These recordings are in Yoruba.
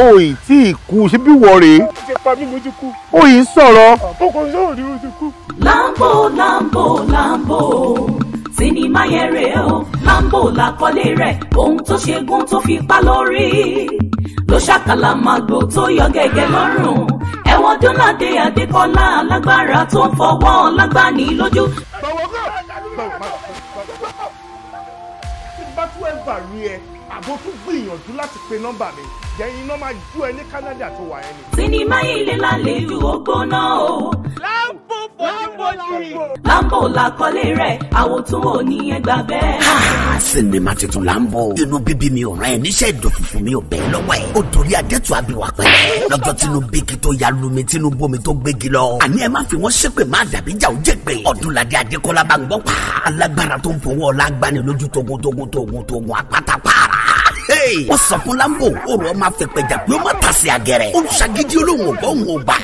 o ì tí ì kú ṣe bí wọ rèé. ó ti pa mí mo ti kú. o ń sọ̀rọ̀. àkókò sọ̀rọ̀ ni mo ti kú. lambo lambo lambo sinimá yẹn o lambo làkọlé rẹ̀ ohun tó ṣe gún tó fi pa lórí ló ṣàkàlà màgbò tó yọ gẹ́gẹ́ lọ́rùn ẹ̀wọ̀n dúnládé adékọ́lá alágbára tó ń fọwọ́ lágbàní lójú. bàwọ̀ kọ́ bá tún ẹ̀ bà rí ẹ àbó tún gbìyànjú láti pe nọ́mbà mi jẹ́ iná máa ju ẹ ní Canada tó wà ẹni. sinimá ilé lálejò ògbóná o. láǹbù bòjúbòjì. láǹbù làkọlé rẹ̀ àwòtún òní ẹgbà bẹ́ẹ̀. sinimá tuntun láǹbù. inú bíbí mi ò rán ẹ níṣẹ́ ìdòfin fún mi ò bẹ́ẹ̀ lọ́wọ́ ẹ̀. ó dorí adẹ́tù abiwà pẹ̀lẹ́. lọ́jọ́ tínú bíkì tó ya lumi tínú bomi tó gbégi lọ. àní ẹ má fi wọ́n ṣépè má dàbí jà ó jẹ́gbẹ́. ọdúnladé adékọ́lá bá ń gbọ́ pa. alágbára tó ń fowó ọ̀la agbani lójú togun togun wéé. wọ́n sọ fún lambo òrò ọmọ afẹ́pẹ́jà pé má tàsí àgẹ̀rẹ̀. ó ń olóhùn ọ̀gbọ́n òun ò bá.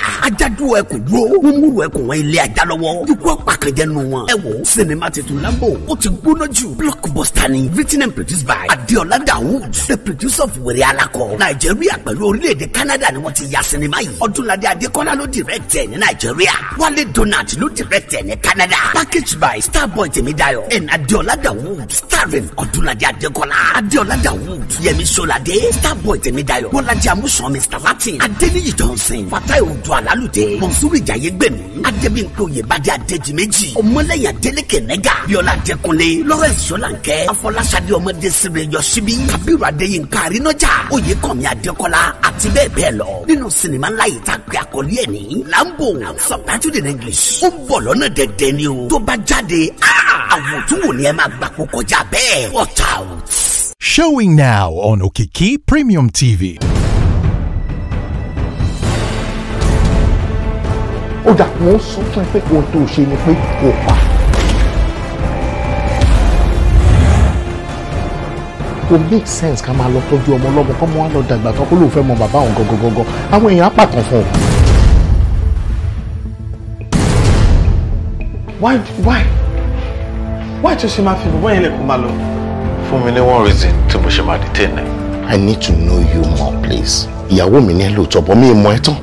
ẹkùn dúró wọ́n múru ẹkùn wọn ilé ajá lọ́wọ́. ikú ọ̀pàkànjẹ́ nu wọn. ẹ wo sinimá titun lambo ó ti gbóná jù. blockbuster ni written and produced by adeola daoud the producer of wèrè alakọ. nàìjíríà pẹ̀lú orílẹ̀-èdè canada ni wọ́n ti ya sinimá yìí. ọdúnladé adékọ́lá ló direct ẹ̀ ní nàìjíríà. wálé donald ló direct ẹ̀ ní canada. packaged by starboy tèmídayọ̀ and adeola daoud starring ọdúnladé adékọ́lá adeola daoud fẹ́mi sọládé starboy tẹ̀mídayọ̀ bọ́lájí amúsàn mr latin adéníyì johnson fatai odò alálùdé mọ̀nsúrì jàyégbèmí adébíyìnkó yèbádé adéjìméjì ọmọlẹ́yìn adélèké nẹ́gà bíọ́lá adékúnlé lawrence sọlánkẹ́ afọlásadé ọmọdé sire yọsibí kabiru adéyínká arínájà oyèkànmí adékọ́lá àti bẹ́ẹ̀ bẹ́ẹ̀ lọ nínú sinimá ńlá yìí tá a pè àkọlé ẹ̀ ní lambo subtitled in english ó bọ̀ lọ́nà dẹ̀dẹ̀ ni o tó bá jáde ah! àwọn òtún wò ni ẹ máa gbà kó kọjá bẹ́ẹ̀ watch out. Showing now on Okiki Premium TV. Ó dà wọ́n sọ fún ẹ pé ohun tó ṣe ni pé kò pa. Kò make sense ká máa lọ tọ́jú ọmọ ọlọ́mọ kọ́ mọ́ wá lọ dàgbà tán kó lóun fẹ́ mọ bàbá òun gangan. Àwọn èèyàn á pàtàn fún un. Why why why tó ṣe máa fi bọ́ yẹn lè kó máa lọ? fún mi ní one reason tí mo ṣe máa detain ẹ. I need to know you more please. ìyàwó mi ní ẹ lóòótọ́ bọ́ mi mọ ẹ tán.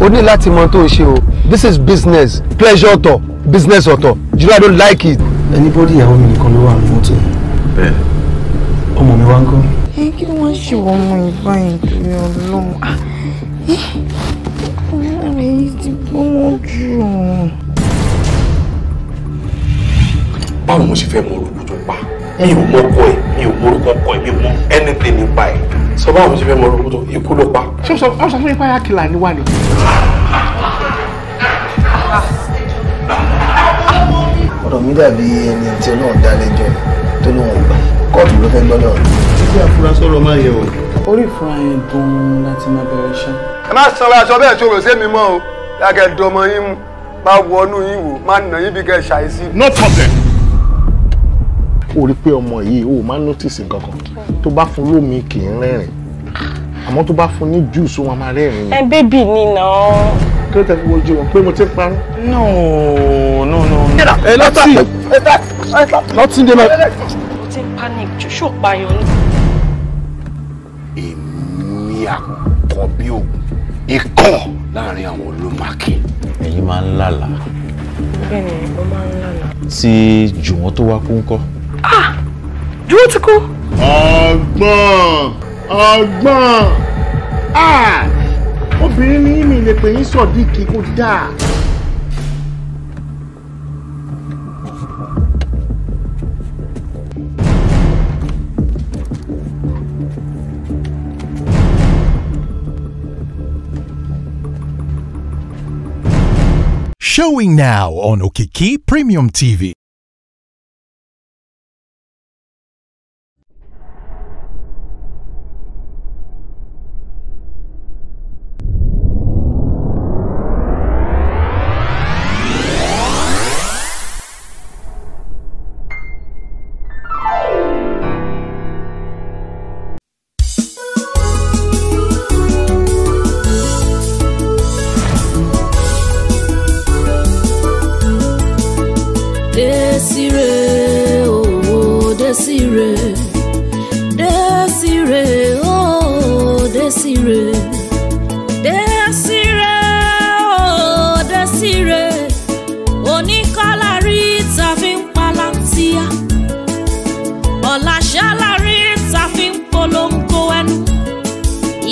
o ní láti mọ tó ń ṣe o this is business pleasure ọ̀tọ̀ business ọ̀tọ̀ you I don't like it. anybody ìyàwó mi nìkan ló wà ní mọ́tò yìí. bẹ́ẹ̀ ọmọ mi wá ń kọ́. ẹ kí ni wọ́n ṣe wọ ọmọ ìgbà yẹn torí ọlọ́mọ ah, ọmọ yìí ti gbọ́n jù. báwo mo ṣe fẹ́ mọ orúkú tó pa mi ò mọ ọkọ ẹ mi ò mọrúkọ ọkọ ẹ mi ò mọ anything nípa ẹ. sọ báwo ṣe fẹ́ mọ orúkọ tó ikú ló pa. ṣé o sọ fún mi pé ayákìlá ni wà ní. ọ̀rọ̀ mi dàbí ẹni tí ọlọ́run dá lẹ́jọ́ tó lóun gbà kóòtù ló fẹ́ gbọ́dọ̀. títí àfúrásọ ọ̀rọ̀ máa yẹ o. orí ìfura yẹn gan-an láti máa bẹ̀rẹ̀ ṣá. ẹ má sanra aṣọ bẹ́ẹ̀ tó rò sẹ́mi mọ́ o lákẹ́ dọmọ yín mu máa wọnú yín wò máa nà yín bí kẹ́ ṣàìsí. no problem ó rí pé ọmọ yìí ó máa notice gangan tó bá fún lómi kì í rẹ́rìn àmọ́ tó bá fún ní juice wọn máa rẹ́rìn. ẹ bébì ni nà ọ. kí ló tẹ fi wojú wọn pé mo ti parọ́. no no no. ẹ lọ́tì lọ́tì dé máa. mo ti panic jù ṣó payọ ni. èmi àkọ́ bí oògùn ikọ̀ láàrin àwọn olómàkì. ẹ̀yin máa ń lálàá. bẹ́ẹ̀ ni máa ń lálàá. tí jùwọ́n tó wá kú ń kọ́. ah you dúró ti kú. ọgbọ́n ọgbọ́n ah obìnrin ni mi lè pè yín sọ̀díkì kó dáa. Showing now on Okiki Premium TV.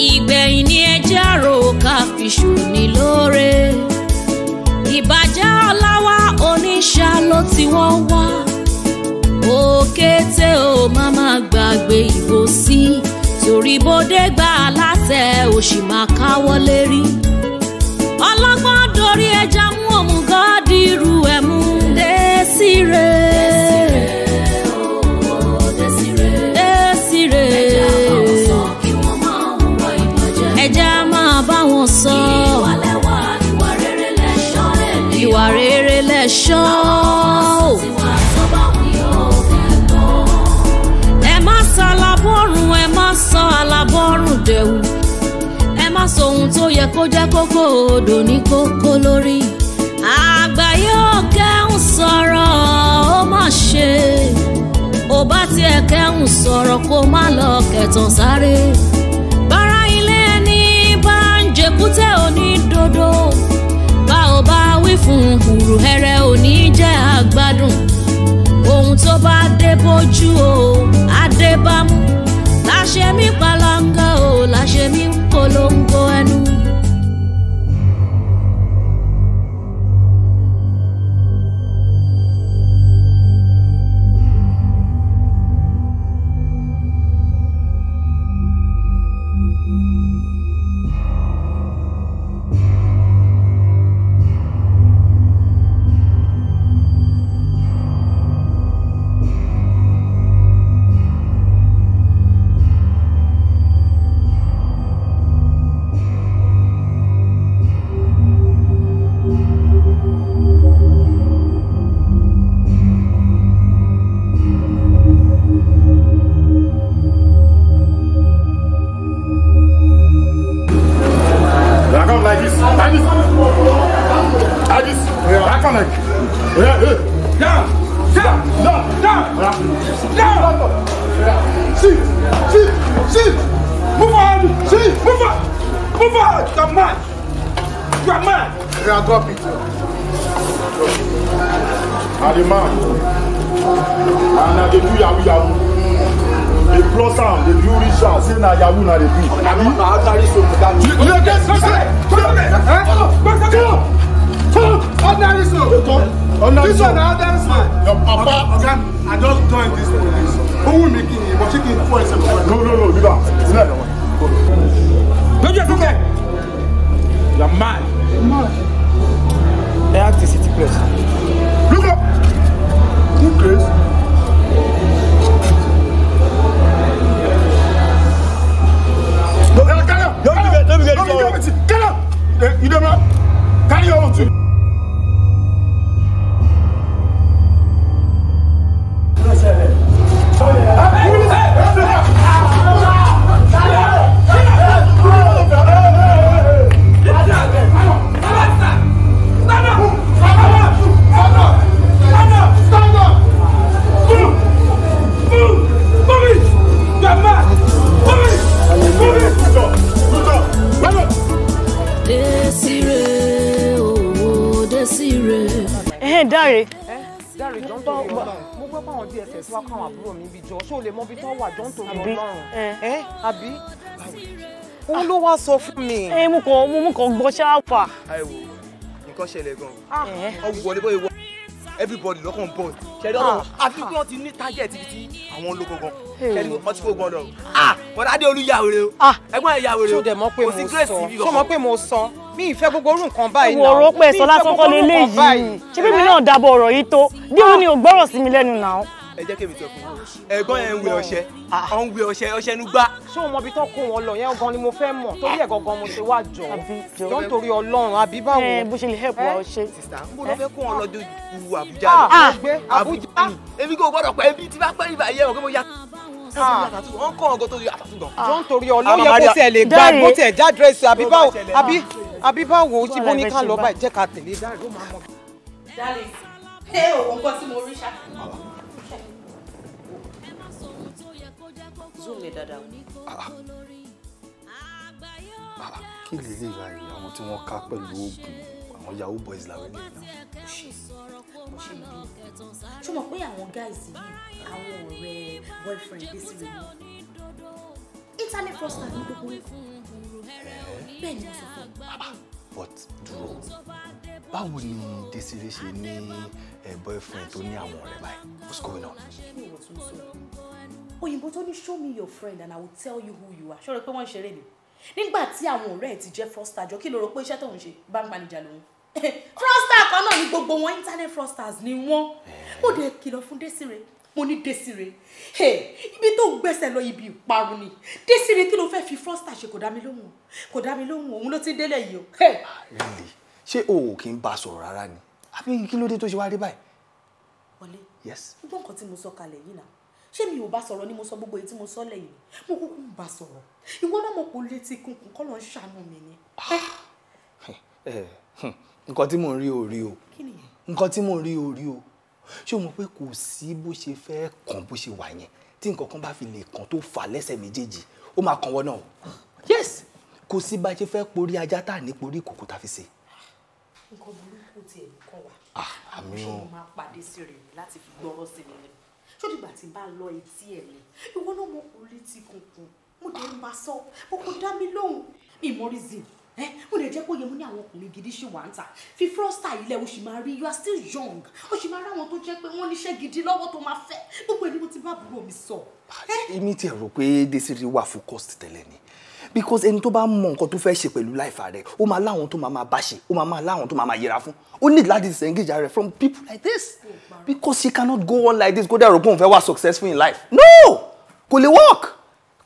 ìgbẹ̀yìn ni ẹjẹ́ àrò ká fi ṣòní lóore ìbàjẹ́ ọláwá oníṣà ló ti wọ́n wá òkété ò má má gbàgbé ìbò sí torí bóde látẹ̀ òṣì máa káwọ́ lérí ọlọ́gbọ́n yẹ kó jẹ́ kókó odò ní kókó lórí. àgbáyé ọ̀kẹ́hùn sọ̀rọ̀ ó mà ṣe ó bá tiẹ̀ kẹ́hùn sọ̀rọ̀ kó má lọ kẹ̀tàn sáré. bára ilé ẹni bá ń jẹkútẹ́ onídodo bá ò bá wí fún kùrù hẹrẹ òní jẹ́ àgbádùn ohun tó bá dé bójú o adébámú láṣẹ mi palanga o láṣẹ mi polongo ẹnu. sọ fún mi. ẹ mú kàn mú mú kàn gbọ́ ṣáàpà. àìwò nǹkan ṣẹlẹ̀ gan ah. ọwọ́ wọlé bóyá wọ everybody lọ́kàn bọ̀ ṣẹlẹ̀ ọ̀rọ̀ ah. àfi kí wọ́n ti ní target ibi tí àwọn ń lo gangan ṣẹlẹ̀ wọ́n ti kó gbọ́n lọ. Ah, bọ̀dá Adéolú ya wèrè o ẹ̀gbọ́n ẹ̀ ya wèrè o kò sí grace ibi kankan. sọ ma pé mo sọ mi ìfẹ́ gbogbo orú nǹkan báyìí náà. ìwòrò pẹ̀ sọ lásán kọ́ lélẹ́yìí ṣé bí mi náà dábọ̀ ọ̀rọ̀ yìí tó bí òun ni ò gbọ́rọ̀ sí mi lẹ́nu náà ẹ jẹ́ kémi sọ fún wọn ẹ̀gbọ́n yẹn ń wẹ ọṣẹ ọ̀ ah. ń wẹ ọṣẹ ọṣẹ nu gbá. ṣé o mọ ibi tó kó wọn lọ yẹn gan ni mo fẹ́ mọ̀ torí ẹ̀ gangan mo ṣe wá jọ jọ nítorí ọlọ́run àbí báwo. ẹ eh, bó ṣe lè help wa ọṣẹ. sísá n bò fẹ́ kó wọn lọ ah. ju Àbújá lọ Àbújá ah. ni èmi kò gbọ́dọ̀ pẹ́ ibi tí bá pẹ́ ibà yẹ ọ̀gá mo yá wọ́n kọ́ ọ̀gọ́ tó yọ àtàtù gan. jọ nítorí ọlọ́yẹ kó tiẹ̀ lè gbá bó tiẹ̀ já dírẹ́sì àbí báwo àbí ní ká lọ báyìí jẹ́ ká tẹ̀lé dáre. dáre ṣé òun kọ́ sí mo rí ṣá. zoom mi dáadáa. Ah, ah. Ah, kí lè lè ra ìyá àwọn tí wọ́n ká pẹ̀lú oògùn àwọn yahoo boys làwọn ènìyàn náà. mo ṣe bí ṣé mo pé àwọn guys yìí àwọn ọ̀rẹ́ boyfriend bí sí mi internet fraudster ní gbogbo bẹ́ẹ̀ ni mo sọ fún un but dúró báwo ni Desire ṣe ní eh, boyfriend tó ní àwọn ọ̀rẹ́ báyìí what's going on òyìnbó tó ní show me your friend and i will tell you who you are ṣọ́ọ́ rẹ pé wọ́n ṣeré ni nígbà tí àwọn ọ̀rẹ́ ẹ̀ ti jẹ́ fraudster jọ kí ló rò pé iṣẹ́ tó ń ṣe bá ń panijà lòun fraudster kan náà ni gbogbo wọn internet fraudsters ni wọ́n ó eh. dé kìlọ̀ fún Desire mo ní Desire ibi tó gbẹ́sẹ̀ lọ ibi ìparun ni Desire kí ló fẹ́ fi fraudster ṣe kò dá mi lóhùn kò dá mi lóhùn òun ló ti délẹ̀ yìí o. Ah, ṣé o ò kí ń bá a sọ̀rọ̀ rárá ni àbí kí ló dé tó ṣe wá rí báyìí. wọlé gbogbo nǹkan tí mo sọ kalẹ̀ yìí náà ṣé mi ò bá sọ̀rọ̀ ni mo sọ gbogbo èyí tí mo sọ lẹ́yìn mo kúkú ń bá sọ̀rọ̀ ìwọ náà mo kò létí kunkun kọ́ ló ń ṣàánú mi ni. Ah! Eh, eh, hmm, nǹkan tí mò ń rí ò rí o nǹkan tí mò ń rí ò rí o ṣé o mọ̀ pé kò sí bó ṣe fẹ́ kàn bó ṣe wà yẹn tí nǹkan kan bá fi lè kàn tó fà lẹ́sẹ̀ méjèèjì ó máa kàn wọ́n náà yes kò sí bá ṣe fẹ́ porí ajá tá à ní porí kòkó tá fi ṣe. nǹkan burúkú tiẹ̀ nìkan wà. Ah, àmì o ṣé mo máa pàdé sí rèé láti fi gbọ́rọ̀ sí mi ni tó dìgbà tí n bá lọ etí ẹ̀ lẹ̀ ìwọ náà mo kò létí kunkun mo dé ń bá sọ o kò dá mi lóhùn ìmọ̀rìsì ẹ mo lè jẹ́ kó yẹ mo ní àwọn ọkùnrin gidi ṣì wà ń tà fi frosta ilẹ̀ o sì máa rí you are still young o sì máa ráwọn tó jẹ́ pé wọ́n níṣẹ́ gidi lọ́wọ́ tó máa fẹ́ gbogbo ẹni mo ti bá àbúrò mi sọ. èmi tiẹ̀ rò pé desiri wà fún cost tẹ́lẹ̀ ni because ẹni tó bá mọ nǹkan tó fẹ́ ṣe pẹ̀lú láìfà rẹ̀ ó máa láwọn tó máa máa bá ṣe ó máa máa láwọn tó máa máa yẹra fún ó need láti disengage rẹ̀ from people like this because he cannot go on like this Go there, rò pé òun fẹ́ wá successful in life no kò lè work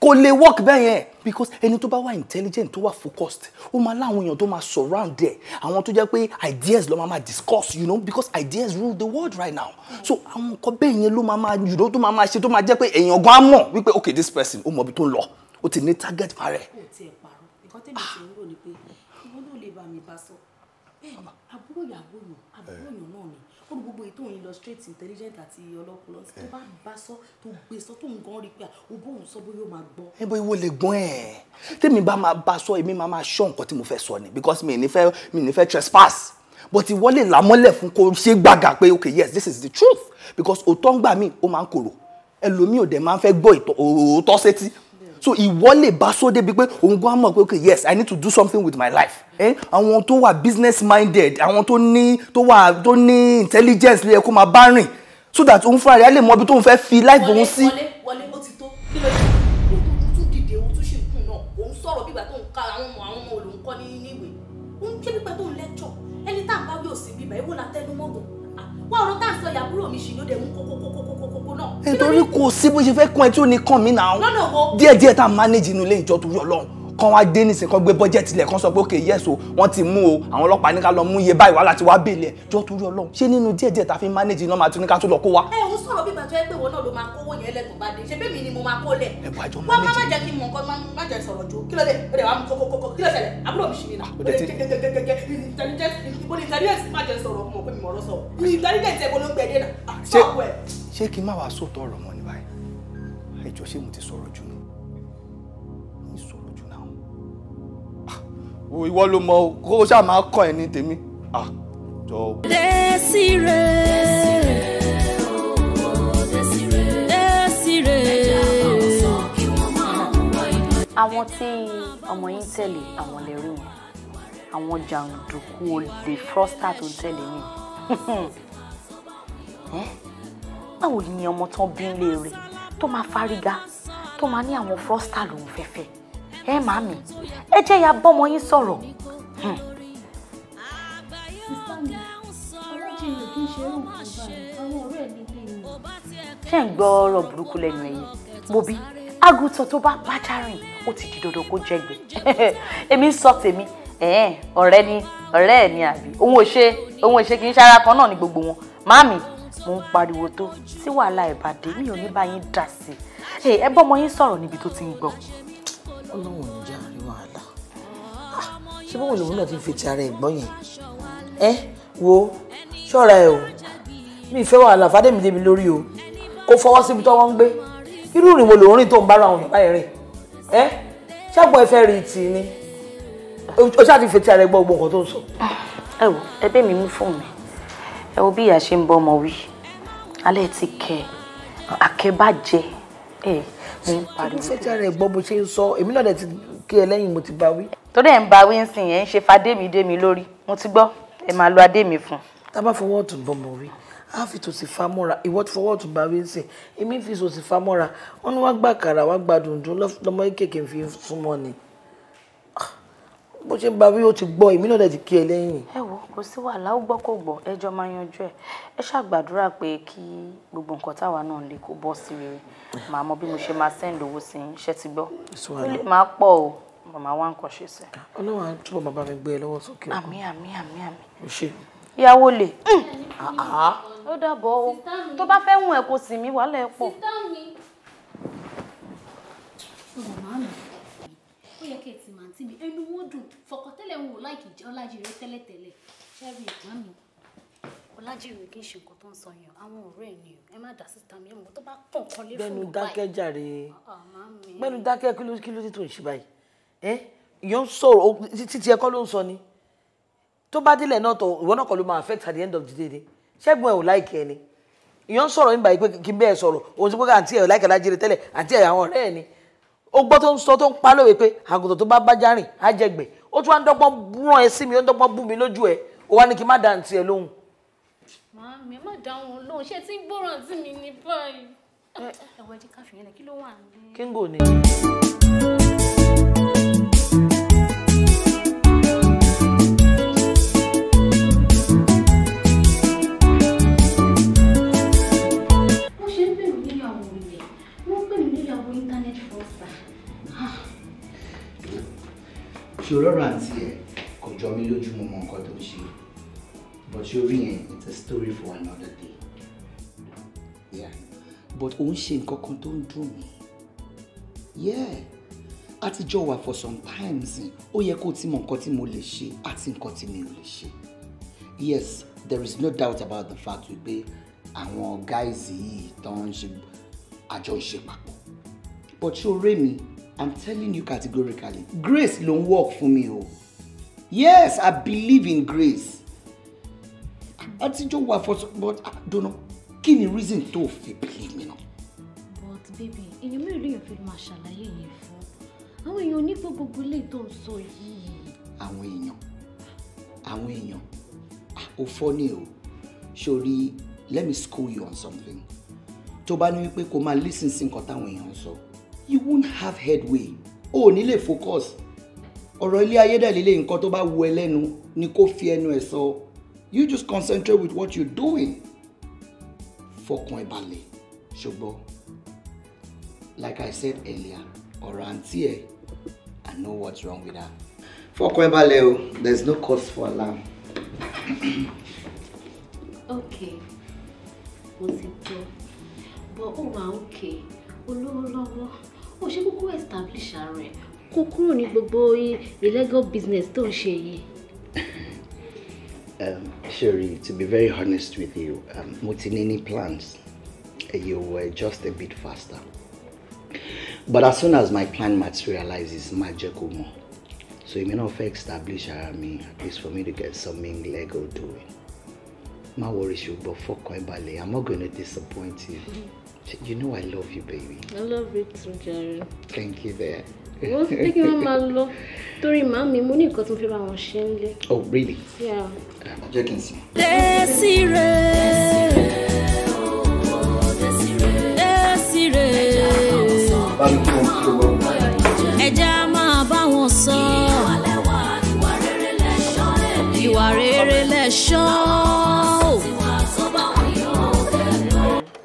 kò lè work bẹ́ẹ̀ yẹn because ẹni tó bá wà intelligent tó wà focused ó máa láwọn èèyàn tó máa surround ẹ àwọn tó jẹ́ pé ideas ló máa máa discuss you know because ideas rule the world right now so àwọn nǹkan bẹ́ẹ̀ yẹn ló máa máa you know tó máa máa ṣe tó máa jẹ́ pé èèyàn gan á mọ̀ wípé okay this person ó mọ̀ ibi tó ń lọ o ti ní target parẹ. o ti ẹ̀ parọ́ nǹkan tẹ́lẹ̀ ti ń rò ni pé ìwọ náà lè bá mi bá sọ bẹ́ẹ̀ ni àbúrò ìyàwó yàn àbúrò yàn náà ni ó ní gbogbo ètò illustrate intelligent àti ọlọ́pọlọ tó bá bá sọ tó gbé sọ tó ń gan rí pé o bóun sọ bóyá o máa gbọ́. ẹ bọ ìwọ lè gbọ́n ẹ̀ tèmi bá máa bá sọ èmi máa máa ṣọ́ nǹkan tí mo fẹ́ sọ ni because mi ì ní fẹ́ mi ì ní fẹ́ trespass but ìwọ lè làmọ́lẹ̀ fún kó ṣe gbàgà pé okay yes this is the truth because òótọ́ ń gbà mí ó máa ń korò ẹlòmíì ò dẹ̀ máa ń fẹ́ gbọ́ òótọ́ sétí so ìwọ lè bá sọ débi pé òun gan mọ̀ pé okay yes i need to do something with my life eh àwọn tó wà business minded àwọn tó ní tó wà tó ní intelligence ló yẹ kó máa bá rìn so that òun fúnra rẹ̀ á lè mọ ibi tóun fẹ́ fi life òun sí. wọlé wọlé ó ti tó kí ló dé. ọ̀rọ̀ tá à ń sọ ìyàbúrò mi ṣì ló dẹ̀ mú kókókókókókó náà. nítorí kò sí bó ṣe fẹ́ kún ẹ tí ó ní kàn mí náà díẹ̀díẹ̀ tá a manage inú ilé ìjọ torí Ọlọ́run kán wá dé nísìnyí kán gbé bọ́jẹ́tì lẹ̀ kán sọ pé ok yes o wọ́n ti mú o àwọn ọlọ́pàá ní ká lọ mú iye báyìí wá láti wá bèèlè ẹ̀ jọ torí ọlọ́run ṣé nínú díẹ̀ díẹ̀ ta fi manage iná máa tún ní ká tún lọ kó wa. ẹ ń sọ̀rọ̀ bí bàtọ́ ẹ pé wọn náà ló máa kówó yẹn lẹ́tọ̀ bá dé ṣe bí mi ni mo máa kó lẹ̀. ẹ wá jọ máa méjì. wọ́n máa jẹ́ kí n mọ̀ nǹkan máa jẹ́ sọ̀rọ̀ jù kí ló dé ó dẹ̀ wá mú kókókókó kí ló ṣẹlẹ̀ àbúrò mi ṣì ní nà. ṣé kí n má wàá sòtọ̀ ọ̀rọ̀ mọ́ ní báyìí ẹjọ́ ṣé mo ti sọ̀rọ̀ jù ìwọ ló mọ kó o ṣáà máa kàn ẹ́ ní tèmi ah jọ. Desire Desire àwọn tí ọmọ yín tẹ̀lé àwọn lè rí wọn àwọn jàǹdùkú olè frosta tó ń tẹ̀lé mi báwo ni ọmọ tán bí ń lé rè tó máa fárígá tó máa ní àwọn frosta lòún fẹ́fẹ́ ẹ màmí ẹ jẹ́ ya bọ́mọ yín sọ̀rọ̀. Hmm. ṣé ń gbọ́ ọ̀rọ̀ burúkú lẹ́nu ẹ̀yìn mo bí àgùntàn tó bá bájá rìn ó ti di dandan kó jẹgbẹ́ èmi ń sọ tèmi ọ̀rẹ́ ni ọ̀rẹ́ ẹ̀ ni àbí òun ò ṣe òun ò ṣe kì í ṣe ara kan náà ni gbogbo wọn màmí mo ń pariwo tó tí wàhálà ẹ̀ bá dé mi ò ní bá dà sí ẹ bọ́mọ yín sọ̀rọ̀ níbi tó ti ń gbọ́ ọlọ́run ò ní jẹ́ àrí wàhálà ah, ṣé báwo lòun náà ti fi ti ara ẹ̀gbọ́n yẹn ẹ wo ṣọ́ra ẹ o mi ìfẹ́ wàhálà fàdémi lé mi lórí o kó fọwọ́ síbi tọ́wọ́ ń gbé irú ìrìn wo lòun rìn tó ń bára àwọn bàbá ẹ̀ rìn ẹ ṣàgbọ́n ẹ fẹ́ rí tì ní o ṣáà ti fi ti ara ẹ̀gbọ́n gbogbo nǹkan tó ń sọ. Ah, ẹ wo ẹbí mi mú fóònù mi ẹ wo bí ìyá ṣe ń bọ ọmọ wí alẹ́ ti kẹ àkẹ́bàjẹ́ ẹ̀ mo ń pariwo. ṣé fẹ́tí ara ẹ̀ gbọ́ bó ṣe ń sọ èmi náà dẹ̀ ti kí ẹ lẹ́yìn mo ti bá wí. torí ẹ̀ ń ba wí ń sìn ẹ̀ ń ṣe fadémidémi lórí mo ti gbọ́ ẹ máa lo adémi fún. tá a bá fọwọ́ ọ̀tún bọ́ mọ̀ wí a fi tòsí fa mọ́ra ìwọ́ ti fọwọ́ ọ̀tún bá wí ń sìn èmi fi tòsí fa mọ́ra wọn ni wọ́n gbà kàrà wọ́n gbà dùndún lọ́mọ kéèké fi súnmọ́ ni bó ṣe ń ba wí ó ti gbọ́ èmi náà dẹ̀ ti kí ẹ lẹ́yìn. ẹ wo kò sí wàhálà ó gbọ́ kò gbọ́ ẹjọ́ máa yanjú ẹ̀ ẹ ṣàgbàdúrà pé kí gbogbo nǹkan táwa náà lè kó bọ́ sí rere màá mọ bí mo ṣe máa sẹ́ǹd owó sí i ṣe ti gbọ́ ó lè máa pọ̀ o màmá wa ń kọ́ ṣe sẹ́. ọlọ́run á túbọ̀ bàbá mi gbé ẹ lọ́wọ́ sókè ọkọ. àmì àmì àmì àmì. o ṣe. ìyàwó lè. ó dàbọ̀ o tó bá fẹ́ hùn ẹ̀ kò sì mí wàhálà ẹ̀ pọ̀. ó yẹ kí sí mi ẹnu wọn dùn fọkàntẹ́lẹ̀ ń wò láìkì jẹ́ ọlájírẹ́ tẹ́lẹ̀tẹ́lẹ̀ ṣẹ́rí ìgbọ́n mi ọlájírẹ́ kì í ṣe nǹkan tó ń sọ yẹn àwọn ọ̀rẹ́ ẹ̀ ni ẹ má dá síta mi ẹ̀mọ́ tó bá pọ̀ kan lé fún mi báyìí. bẹ́ẹ̀ni dákẹ́ jàre ah, ah, bẹ́ẹ̀ni dákẹ́ kí ló dé tó ń ṣe báyìí ẹ́ ìyọ́n sọ̀rọ̀ títí ẹ̀kọ́ ló ń sọ ni tó bá délẹ̀ náà tọ̀ ìwọ náà kọ́ ló máa affect at the end of the day ṣẹ́gun ẹ̀ ò láìkẹ́ ẹ̀ ni ìyọ́n sọ̀rọ̀ nígbà yìí pé kí n bẹ́ẹ̀ sọ̀rọ̀ òun ti pé àǹtí ẹ̀ láìkẹ́ lájẹrẹ tẹ́lẹ̀ àǹtí ẹ̀ àwọn ọ̀rẹ́ ẹ̀ ni ó gbọ́ tó ń sọ tó ń pa lówe pé àgùntàn tó bá bájá rìn á jẹ gbẹ̀ ó tún wá ń dọ́gbọ́n rán ẹ sí mi ó ń dọ́gbọ́n bú mi lójú ẹ ó wá ní kí n má dá ǹtí ẹ lóhùn. màámi má dá wọn lóhùn ṣé tí ń gbọ́ràn sí mi ní báyìí ẹ̀wọ̀ ẹ̀jẹ̀ káfíńyẹn kí ló wà ní. kíngò ni. ṣe olóró àǹtí ẹ̀ kò jọ mí lójú mọ nǹkan tó ń ṣe but ṣé orí yẹn it's a story for another day yeah but òun ṣe nǹkan kan tó ń dùn mí yeah àtijọ́ wà for some times ó yẹ kó o ti mọ nǹkan tí mo lè ṣe àti nǹkan tí mi ò lè ṣe yes there is no doubt about the fact wípé àwọn guys yìí tó ń ṣe àjọ ń but ṣé o rẹ́ mi I'm telling you categorically, grace don't work for me, oh. Yes, I believe in grace. Àtijọ́ wà for but I ah, don't know. Kí ni reason to believe me, no. But baby, èèyàn mélòó lèèyàn fi máa ṣàlàyé yẹn fún? Àwọn èèyàn onígbọ́ gbogbo ilé tó ń sọ yìí. Àwọn èèyàn, àwọn èèyàn, ò fọ́ ni o. Sori, let me school you on something. Tó bá ní wípé kó máa lis ten sí nǹkan táwọn So you won't have headway o ò ní lè focus ọ̀rọ̀ ilé ayé dẹ̀ lílé nǹkan tó bá wu ẹ lẹ́nu ni kó fi ẹnu ẹ̀ sọ you just concentrate with what you're doing fọkàn ẹ balẹ̀ ṣùgbọ́n like I said earlier ọ̀rọ̀ àǹtí ẹ̀ I know what's wrong with her fọkàn ẹ balẹ̀ o there's no cause for alarm. okay mo ti gbọ́ but ó wà okay olówó lọ́wọ́ ó ṣe kúkú establish ara ẹ kó kúrò ní gbogbo illegal business tó ń ṣe yìí. Um, Sherry, to be very honest with you, um, plans you were just a bit faster but as soon as my plan materializes magic will kó mọ̀ so èmi náà fẹ́ establish ara mi at least for me to get something Lego doing má worry but fọkàn ẹ balẹ̀ I'm not gonna disappoint you. You know I love you, baby. I love you too, Jerry. Thank you there. Wọ́n ti pé kí wọ́n máa lọ torí màá mi, mo ní nǹkan Oh really? Yeah. Um, jẹ́ kí n sìn. Desire. Desire. Ẹja máa bá wọn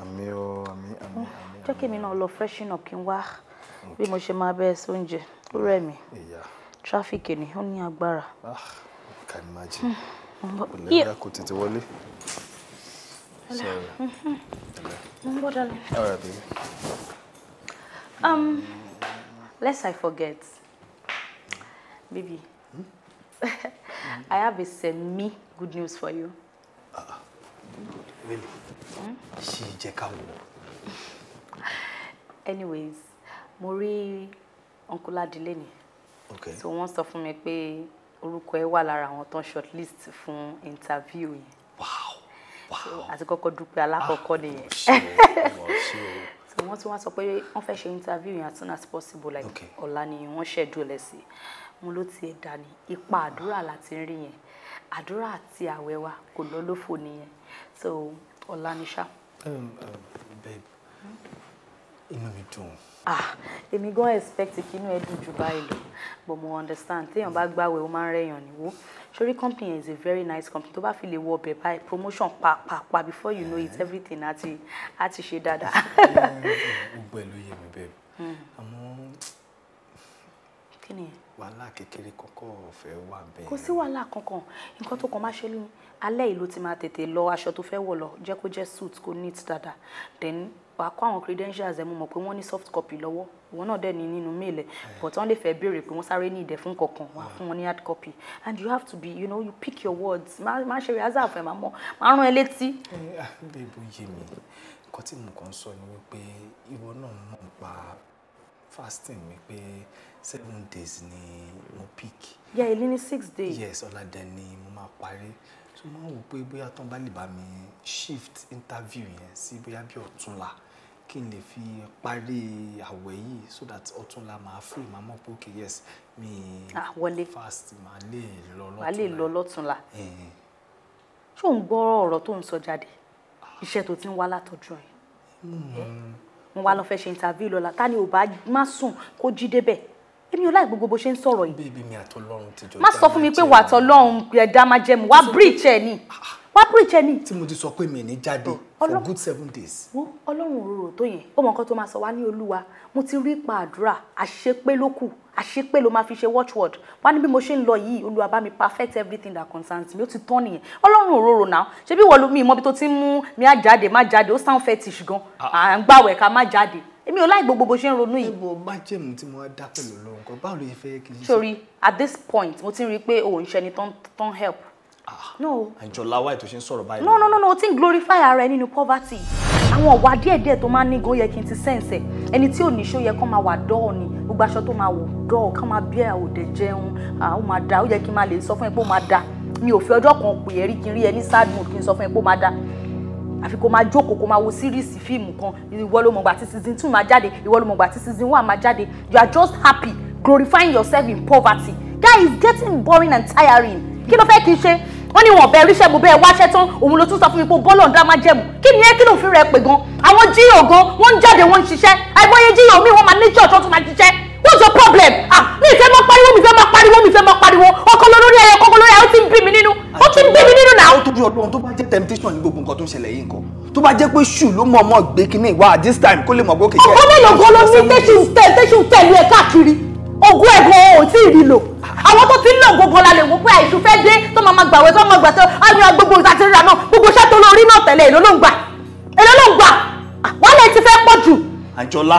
àmín o àmín àmín oh, àmín. jẹ́ kí èmi náà lọ freshen up kí n wá bí mo ṣe máa bẹ́ẹ̀ sí oúnjẹ ó rẹ̀ mí tráfíkì ni ó ní agbára. Ah, can imagine hmm. kò lẹ́yìn kò tètè wọlé. Hmm, hmm. Um, lest I forget, baby. Hmm? I have a semi good news for you. Uh -uh. Really? Ṣé jẹ́ ká Anyways, mo Uncle Adile Okay. So wọ́n sọ fún mi pé orúkọ ẹ wà lára àwọn tó shortlist fún interview yẹn. Wow! Wow! Àti kọ́kọ́ dúpẹ́ alákọ̀ọ́kọ́ nìyẹn. Ah, so wọ́n tún wá sọ pé wọ́n fẹ́ ṣe interview yẹn as soon as possible like ọ̀la ni wọ́n schedule ẹ̀ sí. Mo ló tiẹ̀ Dani. ipa àdúrà láti rí yẹn àdúrà àti àwẹ̀ wa kò lọ lófo nìyẹn so ọ̀la Um, ṣá. Um, babe inú mi dùn. ah èmi gan expect kí inú ẹ dùn jù báyìí lọ but more understand téèyàn about gbàwẹ̀ ó máa ń rẹ̀yàn níwó sori company is a very nice company tó bá fi lè wọ ọbẹ̀ báyìí promotion pàápàá before you know it mm-hmm. everything at the ṣe dáadáa. gbogbo ẹ ló babe. mi hmm. bẹ́ẹ̀ àmọ́ wàhálà kékeré kọ́kọ́ fẹ́ wà bẹ́ẹ̀. kò sí wàhálà kankan nǹkan tó kàn máa ṣe lóyún alẹ́ yìí ló ti máa tètè lọ aṣọ tó fẹ́ wọ̀ lọ jẹ́ kó jẹ́ suit kó neat dáadáa then wàá kó àwọn credentials ẹ̀ mo mọ̀ pé wọ́n ní soft copy lọ́wọ́ ìwọ náà dẹ̀ ní nínú mail ẹ̀ eh. but wọ́n lè fẹ́ béèrè pé wọ́n sáré ní ìdẹ̀ fún kankan wàá fún wọn ní hard copy and you have to be you know you pick your words má ṣe rehearsal àfẹ́ má mọ̀ má rán ẹ létí. Eh, ah, bẹ́ẹ̀bù yé mi nǹkan tí ni wípé ìwọ náà mọ̀ pa fasting Pe seven days ni mo pick. ya yeah, ilé ní six days. yes ọ̀làdẹ ni mo máa parí so mo máa wò pé bóyá tán bá lè bá mi shift interview yẹn sí bóyá bí ọ̀túnla kí n lè fi parí àwẹ̀ yìí so that ọ̀túnla máa free máa mọ̀ pé okay yes mi ah, wọlé fast máa lè lọ lọ́túnla. máa lè lọ lọ́túnla. ṣé ò ń gbọ́ ọ̀rọ̀ tó ń sọ jáde iṣẹ́ tó ti ń wá látọjọ́ yẹn. mo wá lọ fẹ́ ṣe interview lọ́la ta ni ò bá má sùn kó jí débẹ̀ èmi ò láì gbogbo bó ṣe ń sọ̀rọ̀ yìí. bíbí mi àtọlọ́run ti jọ. má sọ fún mi pé wà àtọlọ́run ẹ̀dá máa jẹ mu wá bíríìjì ẹ̀ ni wá bíríìjì ẹ̀ ni. tí mo ti sọ pé mi ní jáde for good seven days. wo ọlọ́run òróró tó yẹn ó mọ nǹkan tó máa sọ wá ní olúwa mo ti rí ipa àdúrà àṣepé ló kù àṣepé ló máa fi ṣe watchword wá ní bí mo ṣe ń lọ yìí olúwa bá mi perfect everything that concerns me ó ti tán nìyẹn ọlọ́run òróró náà ṣebí wọ́n lu mi ìmọ̀bi tó ti ń mú mi á jáde má jáde ó sound fetish gan ah. à ń gbàwẹ̀ ká má jáde èmi ò láì gbogbo bó ṣe ń ronú yìí. níbo májèmú tí mo dá pẹ̀lú lọ́wọ́ nǹkan báwo ló yẹ fẹ́ kí n ṣe. sori at this point mo ti ń rí i pé òun ṣe ni tó help. Ah, no. àjọ ètò ṣe ń sọ̀rọ̀ báyìí. no no no no o ti ń glorify ara ẹ nínú poverty. àwọn ọ̀wà díẹ̀díẹ̀ tó máa ń ní gan yẹ kí n ti sẹ́ǹsẹ̀ ẹni tí ò ní ṣó yẹ kán máa wà dọ́ọ̀ ni gbogbo aṣọ tó máa wò dọ́ọ̀ kán máa bí àòdè jẹun àwọn ah, máa da ó yẹ kí n máa lè sọ fún ẹ pé ó máa da mi ò fi ọjọ́ kan pè é rí kí n rí ẹ ní sad mood kí n sọ fún ẹ pé ó máa da àfi kó máa jókòó kó máa wo síríìsì fíìmù kan ìwọ ló mọ̀ gbà tí season two máa jáde ìwọ ló mọ̀ gbà tí season one máa jáde you are just happy glorifying yourself in poverty guy is getting boring and tiring kí ló fẹ́ kí n ṣe wọ́n ní wọn ọ̀bẹ ríṣẹ́ mo bẹ́ẹ̀ wáṣẹ́ tán òun ló tún sọ fún mi pé bọ́ọ̀lù ọ̀dá máa jẹ̀mú kí ni ẹ kí ló fi rẹ pè gan àwọn jíyò gan wọ́n ń jáde wọ́n ń ṣiṣẹ́ àìmọye jíyò mi wọ́n máa ní church wọ́n tún máa ṣiṣẹ́ what's your problem ah mi ìfẹ́ máa pariwo mi ìfẹ́ máa pariwo mi ìfẹ́ máa pariwo ọkọ lórí ẹyẹ ọkọ lórí ẹyẹ ti ń bí mi nínú ó ti gbé mi nínú náà. ó tóbi ọdún tó bá jẹ́ temptation ní gbogbo nǹkan tó ń ṣẹlẹ̀ yìí nǹkan tó bá jẹ́ pé ṣù ló mọ̀ ọmọ gbé kinní ìwà at this time kó lè mọ̀ gbókè. ọkọ mélòó gan ló ní tẹ́sùn tẹ̀ tẹ́sùn tẹ̀lé ẹ̀ káàkiri ogún ẹ̀gbọ́n ò tí ì rí lò àwọn tó ti ń lò gbogbo la lè wò pé àìsùn fẹ́ dé tó máa máa gbàwé tó máa gbà tó àyàn gbogbo ìta ti rà náà gbogbo iṣẹ́ tó lórí náà tẹ̀lé èlò ló ń gbà èlò ló ń gbà ah, wálé ti fẹ́ pọ̀ jù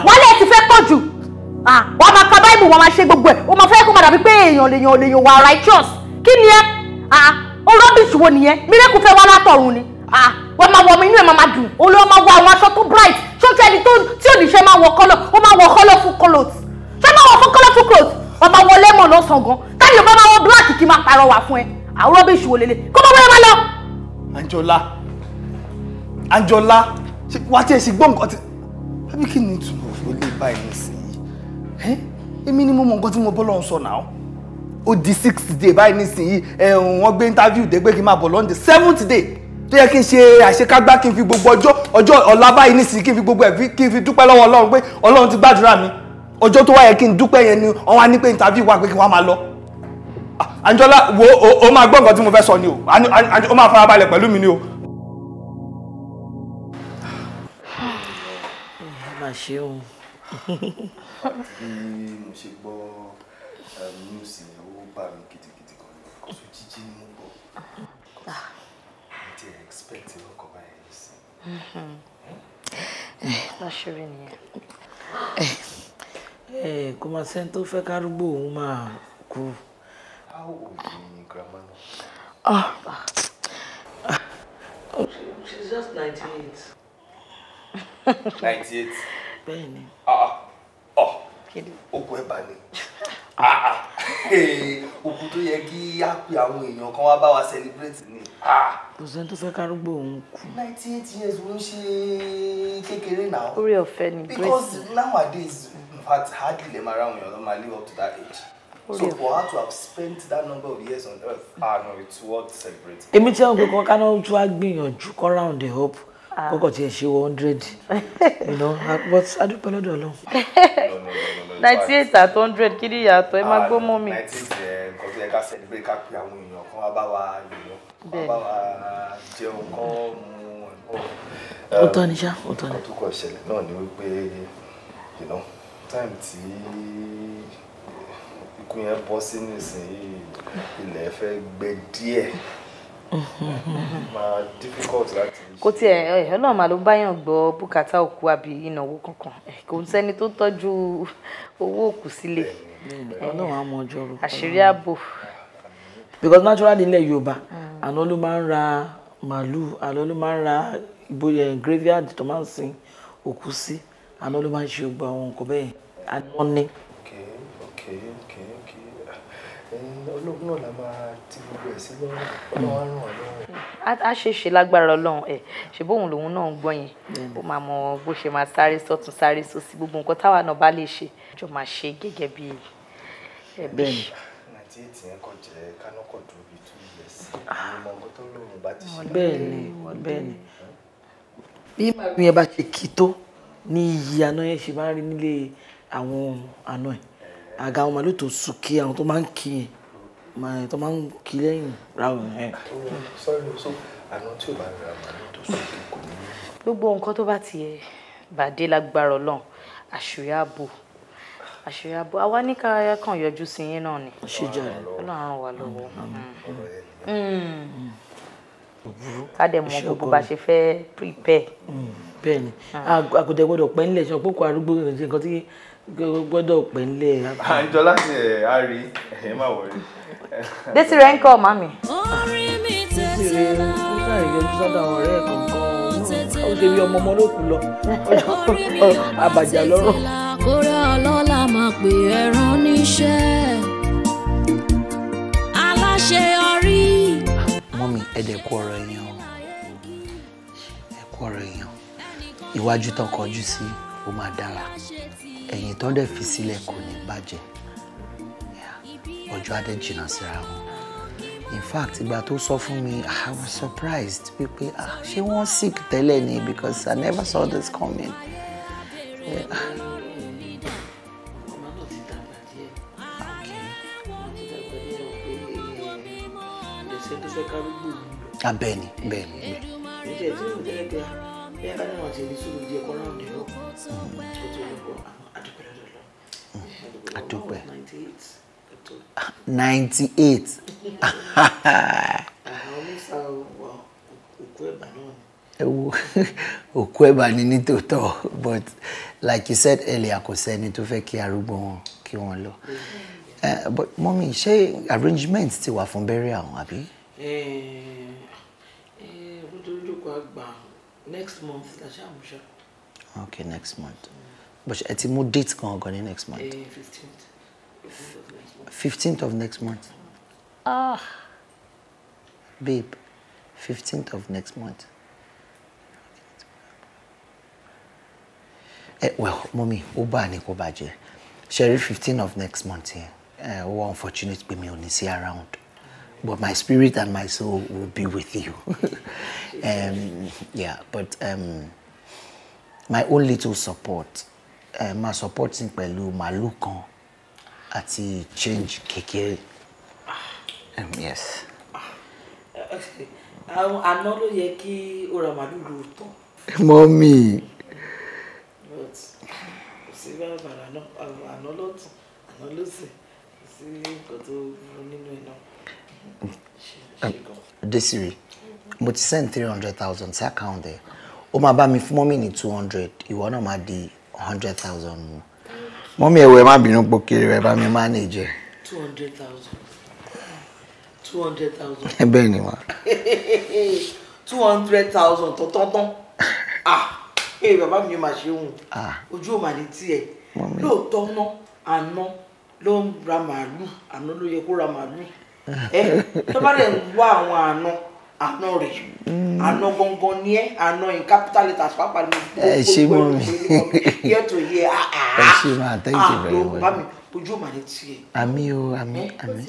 wálé ti fẹ́ pọ̀ jù ah, wọ́n máa ka báyìí wọ́n máa ṣe gbogbo ẹ̀ wọ́n máa fẹ́ kó máa dàbí pé èèyàn lèèyàn lèèyàn wà righteous kí ni ẹ́ ah, ó rọ́bìṣì wo nìyẹn mírẹ́kù fẹ́ wá látọ̀run ni ah, wọ́n máa wọ ọmọ inú ẹ̀ máa dùn olówó máa wọ àwọn aṣọ tó bright ṣojú ẹni tí òníṣẹ́ máa wọ kọ́lọ̀ ó máa wọ colourful clothes ṣé máa wọ fún colourful clothes wọ́n máa wọ lemon lọ́sàn gan káyọ̀ bá máa wọ black kí máa parọ́ wà fún ẹ àwọn rọ́bìṣì wo lélẹ̀ kó máa wọlé máa lọ. Anjola Anjola wàá tiẹ̀ sì gbọ́ nǹkan tí bábí kí ni ìtumọ̀ ló dé báyìí nísìnyí èmi ni mo mọ nǹkan tí mo bọ́ lọ́hún sọ ó di sixth day báyìí nísìnyí wọ́n gbé interview dé pé kí n máa bọ̀ lọ́ndẹ̀ seventh day tó yẹ kí n ṣe àṣekágbá kí n fi gbogbo ọjọ́ ọjọ́ ọ̀la báyìí nísìnyí kí n fi gbogbo ẹ̀ kí n fi dúpẹ́ lọ́wọ́ ọlọ́run pé ọlọ́run ti gbàdúrà mi ọjọ́ tó wá yẹ kí n dúpẹ́ yẹn ni wọ́n wá ní pé interview wà pé kí wọ́n máa lọ. Anjola wo o máa gbọ́ nǹkan tí mo fẹ́ sọ ni o o máa farabalẹ̀ pẹ̀lú mi ni o. mo ṣe gbọ́ news yẹn bá mi gidigidi kan ní ọkọ̀ tó jíjí ni mo ti expect ọkọ̀ báyìí sí. láṣìírí eh, nìyẹn. Eh, eh, kò máa sẹ́ni tó fẹ́ kárúgbó òun máa kú. a ò ní girama náà. Ah. She's just 98. 98? Bẹ́ẹ̀ni. Ah, ah, ah. okun ẹ̀bà ni òkú ah. tó yẹ kí á pè àwọn èèyàn kan wá bá wa celebrate ni. Ah. kò sẹ́ni tó fẹ́ kárúgbó òun kú. ninety eight years ló ń ṣe kékeré náà. orí ọ̀fẹ́ ni grace. because nowadays in fact hardly lè máa ráwọn èèyàn lọ́ live up to that age. so for her to have spent that number of years on earth ah no it's worth celebrating. èmi tí wọn kò kọ́ káná tún á gbìyànjú kọ́ round the hope. Ah. kọ́kọ́ tiẹ̀ ṣe wọ hundred you know ah, but adúpẹ́ lọ́dọ̀ ọlọ́run. ninety eight at hundred kí ni ìyàtọ̀ ẹ máa ah, gbọ́ mọ́ mi. ninety eight ẹ eh, nǹkan tó yẹ celebrate ká pe àwọn èèyàn kan wá bá wa mu ẹ̀kọ́. ó um, tọ́ ni ṣá ó tọ́ ni. àtúkọ̀ ìṣẹ̀lẹ̀ náà ni wípé you know time tí ikú yẹn bọ́ sí nísìnyí ilẹ̀ fẹ́ gbẹ díẹ̀ kò tiẹ̀ eh, ọlọ́run màá ló báyàn gbọ́ bùkátà òkú àbí ìnáwó kankan eh, kò sẹ́ni tó tọ́jú owó òkú sílé ọlọ́run á mọ àṣírí ààbò. because naturally ilẹ̀ yorùbá àná ló máa ń ra màálùú àná ló máa ń ra ìbòyè eh, graveyard tó máa ń sin òkú sí àná ló máa ń ṣe gbogbo àwọn nǹkan bẹ́ẹ̀ àná ní. okay okay ológun náà la máa ti gbogbo ẹ̀ sí lọ́rùn ọlọ́run á ràn wá lọ́wọ́. a ṣe ṣe lágbára ọlọ́run ẹ̀ ṣe bóun lòun náà ń gbọ́ yẹn ó máa mọ bó ṣe máa sáré sọ́tún sáré sósì gbogbo nǹkan táwa náà bá lè ṣe jọ máa ṣe gẹ́gẹ́ bí ẹbí. àti ètì yẹn kò jẹ́ kánọ́kọ̀ dúró bíi two years ìmọ̀ ah. nǹkan tó lóun bá ti ṣe. bẹ́ẹ̀ni bẹ́ẹ̀ni bí màmí yẹn bá ṣe kí tó ní iyì àná yẹn ṣe máa ń rí nílé àwọn àná ẹ̀ àga àwọn màlúù sùn kí àwọn tó máa ń kí yẹn máa tó máa ń kí lẹ́yìn ráwọ̀ ẹ̀. sọ́ọ́rì so àná tí ò bá ra màálù tó sókè kò ní. gbogbo nǹkan tó bá ti bàdé lágbára ọlọ́run àṣírí ààbò àṣírí ààbò àwa ní káyà kan yọjú sí yín náà ni. ṣèjà ràn wá lọ́wọ́. Mm. Mm. ká dẹ̀ mọ gbogbo bá ṣe fẹ́ prepare. Mm. bẹ́ẹ̀ ni àgùdẹ gbọ́dọ̀ pẹ́ ńlẹ̀ ṣọ́ pópó arúgbó nǹkan tí gbọ́dọ̀ pẹ́ ńlẹ̀. àjọ ah, láti ẹ̀ eh, á rí ẹ̀ máa wọlé. This rẹ̀ ń mommy. ọ̀ma mi. Désì rẹ̀ ń sáré yọjú sọ́dọ̀ àwọn ọ̀rẹ́ kan ó ṣe bí ọmọ ọmọ lókun lọ àbàjá lọ́rùn. Mọ́mí ẹ̀dẹ̀ kú ọ̀rọ̀ ẹ̀yàn o. ọ̀rọ̀ ẹ̀yàn. Iwájú tán kọjú sí, ó máa dára. Ẹ̀yìn tán dẹ̀ fi sílẹ̀ kò ní bàjẹ́ ọjọ́ adé jìnnà síra wọn in fact ìgbà tó sọ fún mi i was surprised wípé ah, ṣé wọ́n sick tẹ́lẹ̀ ni because i never saw this coming. Yeah. Ah, bẹ́ẹ̀ni bẹ́ẹ̀ni bẹ́ẹ̀ni. Mm, ninety eight. ewu òkú ẹ̀bà ni ní tòótọ́ but like you said earlier kò sẹ́ni tó fẹ́ kí arúgbó wọn kí wọ́n lọ mm-hmm. eh, but mọ́mí ṣé arrangement ti wà fún burial àwọn àbí. Eh, eh, rúdurúdùkọ next month la okay next month but ẹ ti mú date kan ọgọ ní next month. fifteen fifteenth of next month. ah babe fifteenth of next month. Eh, well mommy, uba bá a Sherry, kó bàjẹ́ fifteenth of next month Eh, yeah. ó uh, wá unfortunate pé mi ò ní sí around but my spirit and my soul will be with you. um, yeah, but um, my own little support, uh, eh, my support pẹ̀lú màlúù kan àti change kékeré. Um, yes. àwọn àná ló yẹ kí o ra màlúù tán. mọ́mì. kò sí bàbá àná àná ló tún àná ló sè kò sí nǹkan tó burú nínú ẹ̀ náà. Um, mo ti send three hundred thousand sí àkáǹtì ẹ̀ ó máa bá mi fún mọ́mì ní two hundred ìwọ náà máa di hundred thousand mọ́mí ẹ̀wẹ̀ má bínú pọ̀ kiri rẹ̀ bá mi manage ẹ̀. two hundred thousand two hundred thousand. ẹ bẹ́ẹ̀ ni wọ́n. two hundred thousand tọ́tọ́tán ah ee eh, bàbá mi mà ṣe òun ah. ojú ò mà ní tiẹ̀ lóòótọ́ ná àná ló ń ra màálù àná ló yẹ kó ra màálù ẹ eh, tó bá dẹ̀ ń wá àwọn àna rẹ̀ àna gangan ni ẹ àna in capital letters pàápàá ni ẹ ṣe mọ mi yẹ tó yẹ ẹ ṣe máa thank you very much bá mi ojú ò mà ní tiẹ̀. àmì o àmì àmì.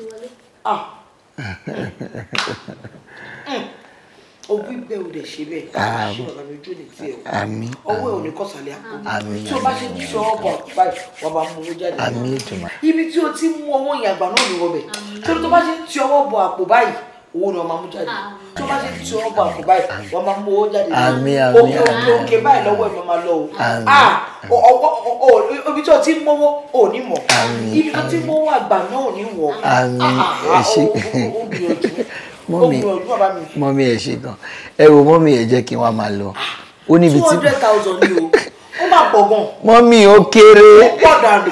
Obi gbẹ o dẹ ṣe bẹ́ẹ̀ káàkiri àṣẹ ọ̀la mi ojú ò ní tiẹ̀ o ọwọ́ ẹ̀ ò ní kọ̀sálẹ̀ àpò tí o bá ṣe ní sọ ọgbà báyìí wàá bá mú owó jáde. ibi tí o ti mú owó yẹn àgbà náà ní wọbẹ̀ torí tó bá ṣe ń ti ọwọ́ bọ àpò báyìí owó ni wọn máa mú jáde tí wọn bá ṣe ti wọn bọ àpò báyìí wọn máa mú owó jáde òkè òkè òkè báyìí lọ́wọ́ ẹ ló máa lọ o ọwọ́ ibi tí o ti mówó o ní mọ̀ ibi tó ti mówó àgbà náà ò ní wọ̀ mọ́mí mọ́mí ẹ̀ ṣe gan ẹ wo mọ́mí ẹ̀ jẹ́ kí wọ́n máa lọ ó níbi tí. two hundred thousand ni o ó máa pọ̀ gan. mọ́mí ó kéré. ó pọ̀ dànù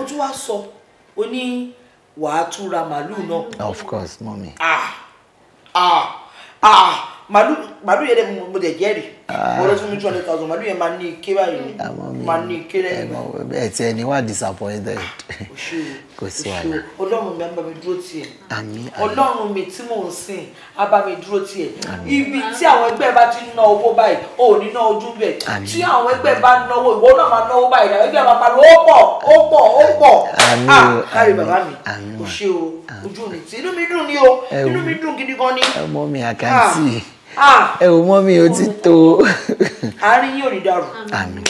ó tún wá sọ o ní wàá tún màálù náà. of course mọ́mí. ah ah ah Malu malu yẹn mo de jẹrìí ah. mo lọ sí mi two hundred thousand malu yẹn máa ní ike báyìí máa ní ike lẹ́yìn báyìí. ẹ tiẹ̀ ni wà disappointed. kò sí wàhálà. ọlọ́run mi á bá mi dúró tiẹ̀. àmín mi tí mò ń sìn á mi dúró tiẹ̀. ibi tí àwọn ẹgbẹ́ bá ti ná owó báyìí o ò ní ná ojú bẹ̀. tí àwọn ẹgbẹ́ bá náwó ìwọ náà máa náwó báyìí àwọn ẹgbẹ́ máa pariwo ó pọ̀ ó pọ̀ ó pọ̀. àmín ah, o kárí bàbá mi o ṣe o ah. ojú mi tí inú mi dùn ni o inú mi dùn gidi gan ni. ẹ mọ mi àkáǹtì. Ah. ẹ ò mọ mi ò ti tó. àárín yóò rí dàrú. àmín.